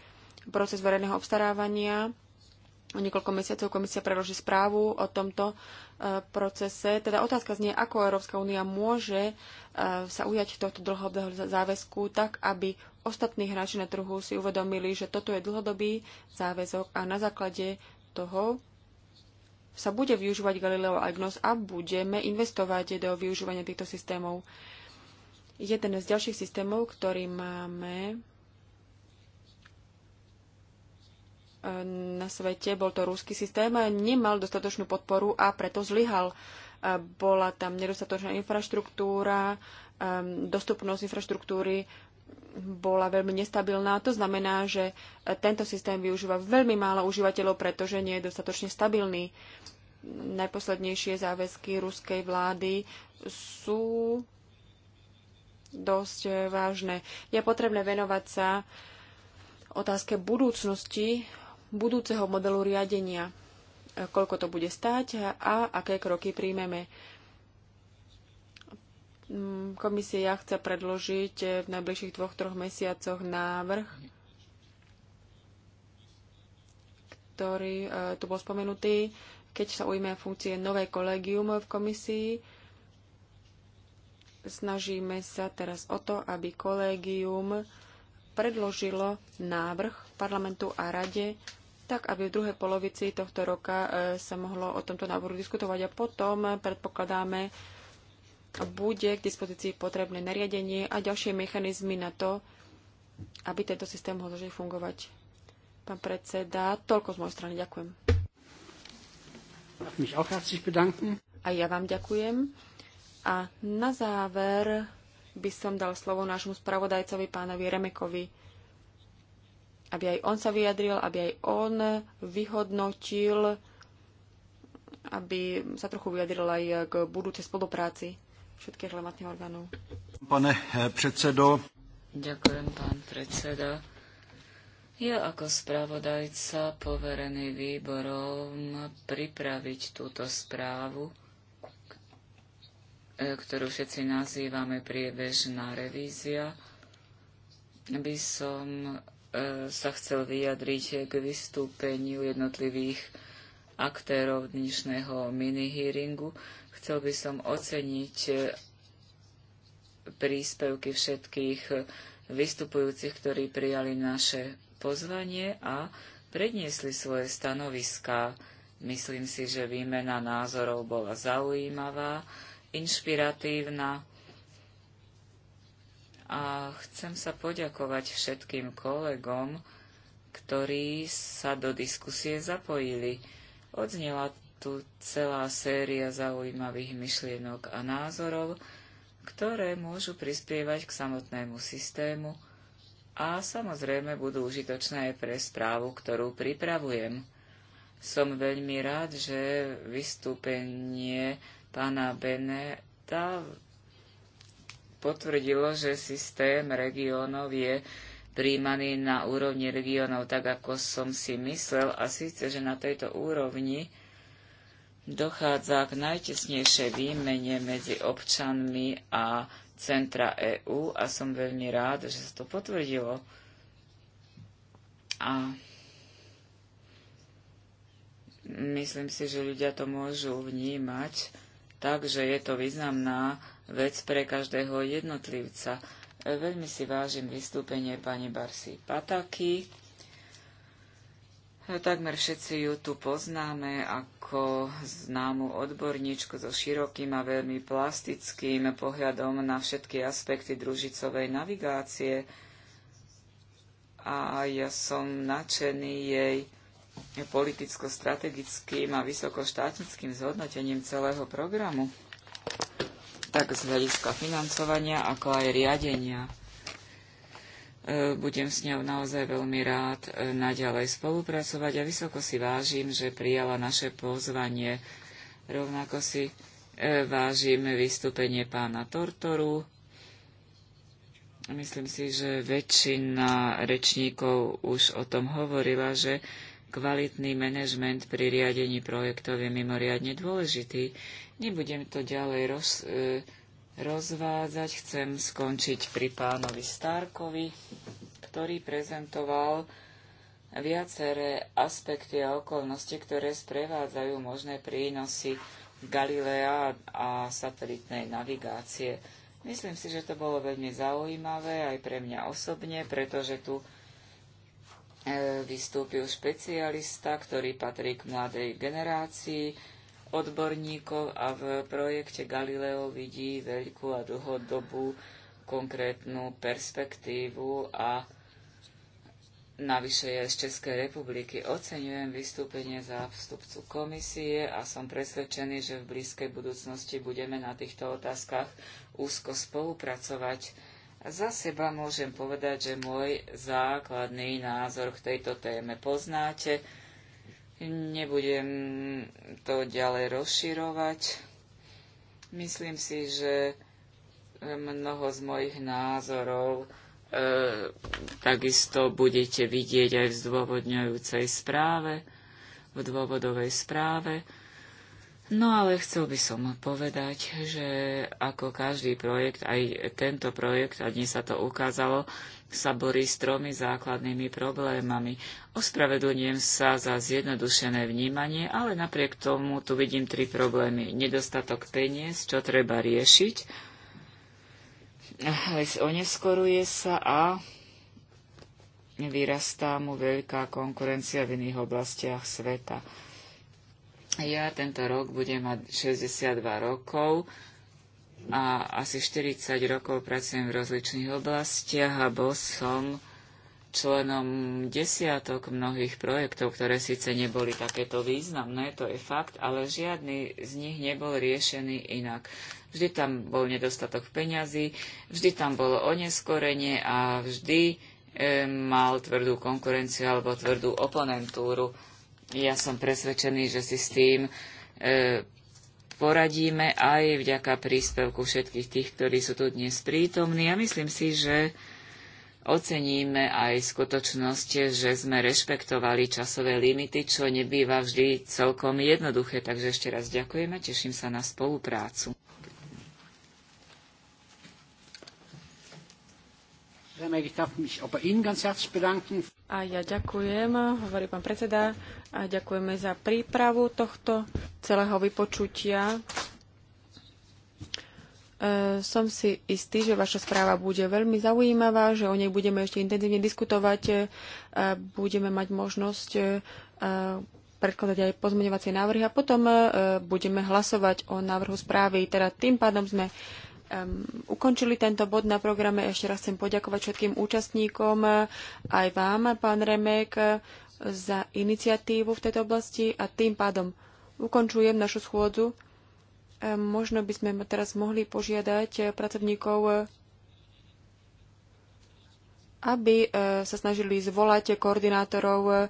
proces verejného obstarávania. O niekoľko mesiacov komisia preloží správu o tomto e, procese. Teda otázka znie, ako Európska únia môže e, sa ujať tohto dlhodobého záväzku tak, aby ostatní hráči na trhu si uvedomili, že toto je dlhodobý záväzok a na základe toho sa bude využívať Galileo Agnos a budeme investovať do využívania týchto systémov. Jeden z ďalších systémov, ktorý máme na svete, bol to rúský systém, nemal dostatočnú podporu a preto zlyhal. E, bola tam nedostatočná infraštruktúra, e, dostupnosť infraštruktúry bola veľmi nestabilná. To znamená, že tento systém využíva veľmi málo užívateľov, pretože nie je dostatočne stabilný. Najposlednejšie záväzky ruskej vlády sú dosť vážne. Je potrebné venovať sa otázke budúcnosti budúceho modelu riadenia, e, koľko to bude stáť a aké kroky príjmeme. Mm, komisia chce predložiť e, v najbližších dvoch, troch mesiacoch návrh, ktorý e, tu bol spomenutý, keď sa ujme funkcie nové kolegium v komisii. Snažíme sa teraz o to, aby kolegium predložilo návrh parlamentu a rade tak aby v druhej polovici tohto roka e, sa mohlo o tomto návrhu diskutovať a potom e, predpokladáme, bude k dispozícii potrebné nariadenie a ďalšie mechanizmy na to, aby tento systém mohol začať fungovať. Pán predseda, toľko z mojej strany. Ďakujem. A ja vám ďakujem. A na záver by som dal slovo nášmu spravodajcovi pánovi Remekovi aby aj on sa vyjadril, aby aj on vyhodnotil, aby sa trochu vyjadril aj k budúcej spolupráci všetkých relevantných orgánov. Pane eh, predsedo. Ďakujem, pán predseda. Ja ako spravodajca poverený výborom pripraviť túto správu, eh, ktorú všetci nazývame priebežná revízia, by som E, sa chcel vyjadriť k vystúpeniu jednotlivých aktérov dnešného mini-hearingu. Chcel by som oceniť e, príspevky všetkých vystupujúcich, ktorí prijali naše pozvanie a predniesli svoje stanoviská. Myslím si, že výmena názorov bola zaujímavá, inšpiratívna a chcem sa poďakovať všetkým kolegom, ktorí sa do diskusie zapojili. Odznela tu celá séria zaujímavých myšlienok a názorov, ktoré môžu prispievať k samotnému systému a samozrejme budú užitočné aj pre správu, ktorú pripravujem. Som veľmi rád, že vystúpenie pána Beneta potvrdilo, že systém regiónov je príjmaný na úrovni regiónov tak, ako som si myslel, a síce, že na tejto úrovni dochádza k najtesnejšej výmene medzi občanmi a centra EÚ a som veľmi rád, že sa to potvrdilo. A myslím si, že ľudia to môžu vnímať, takže je to významná vec pre každého jednotlivca. Veľmi si vážim vystúpenie pani Barsi Pataky. Takmer všetci ju tu poznáme ako známu odborníčku so širokým a veľmi plastickým pohľadom na všetky aspekty družicovej navigácie. A ja som nadšený jej politicko-strategickým a vysokoštátnickým zhodnotením celého programu tak z hľadiska financovania, ako aj riadenia. E, budem s ňou naozaj veľmi rád e, naďalej spolupracovať a vysoko si vážim, že prijala naše pozvanie. Rovnako si e, vážim vystúpenie pána Tortoru. Myslím si, že väčšina rečníkov už o tom hovorila, že kvalitný manažment pri riadení projektov je mimoriadne dôležitý. Nebudem to ďalej roz, e, rozvádzať, chcem skončiť pri pánovi Starkovi, ktorý prezentoval viaceré aspekty a okolnosti, ktoré sprevádzajú možné prínosy Galilea a satelitnej navigácie. Myslím si, že to bolo veľmi zaujímavé aj pre mňa osobne, pretože tu E, vystúpil špecialista, ktorý patrí k mladej generácii odborníkov a v projekte Galileo vidí veľkú a dlhodobú konkrétnu perspektívu a navyše je z Českej republiky. Oceňujem vystúpenie za vstupcu komisie a som presvedčený, že v blízkej budúcnosti budeme na týchto otázkach úzko spolupracovať za seba môžem povedať, že môj základný názor k tejto téme poznáte. Nebudem to ďalej rozširovať. Myslím si, že mnoho z mojich názorov e, takisto budete vidieť aj v zdôvodňujúcej správe, v dôvodovej správe. No ale chcel by som povedať, že ako každý projekt, aj tento projekt, a dnes sa to ukázalo, sa borí s tromi základnými problémami. Ospravedlňujem sa za zjednodušené vnímanie, ale napriek tomu tu vidím tri problémy. Nedostatok peniez, čo treba riešiť, oneskoruje sa a vyrastá mu veľká konkurencia v iných oblastiach sveta. Ja tento rok budem mať 62 rokov a asi 40 rokov pracujem v rozličných oblastiach a bol som členom desiatok mnohých projektov, ktoré síce neboli takéto významné, to je fakt, ale žiadny z nich nebol riešený inak. Vždy tam bol nedostatok peňazí, vždy tam bolo oneskorenie a vždy e, mal tvrdú konkurenciu alebo tvrdú oponentúru. Ja som presvedčený, že si s tým e, poradíme aj vďaka príspevku všetkých tých, ktorí sú tu dnes prítomní. A ja myslím si, že oceníme aj skutočnosť, že sme rešpektovali časové limity, čo nebýva vždy celkom jednoduché. Takže ešte raz ďakujem a teším sa na spoluprácu. A ja ďakujem, hovorí pán predseda a ďakujeme za prípravu tohto celého vypočutia. E, som si istý, že vaša správa bude veľmi zaujímavá, že o nej budeme ešte intenzívne diskutovať. Budeme mať možnosť e, predkladať aj pozmeňovacie návrhy a potom e, budeme hlasovať o návrhu správy. Teda tým pádom sme ukončili tento bod na programe. Ešte raz chcem poďakovať všetkým účastníkom, aj vám, pán Remek za iniciatívu v tejto oblasti a tým pádom ukončujem našu schôdzu. E, možno by sme teraz mohli požiadať e, pracovníkov, e, aby sa snažili zvolať koordinátorov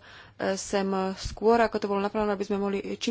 sem skôr, ako to bolo naplánované, aby sme mohli čím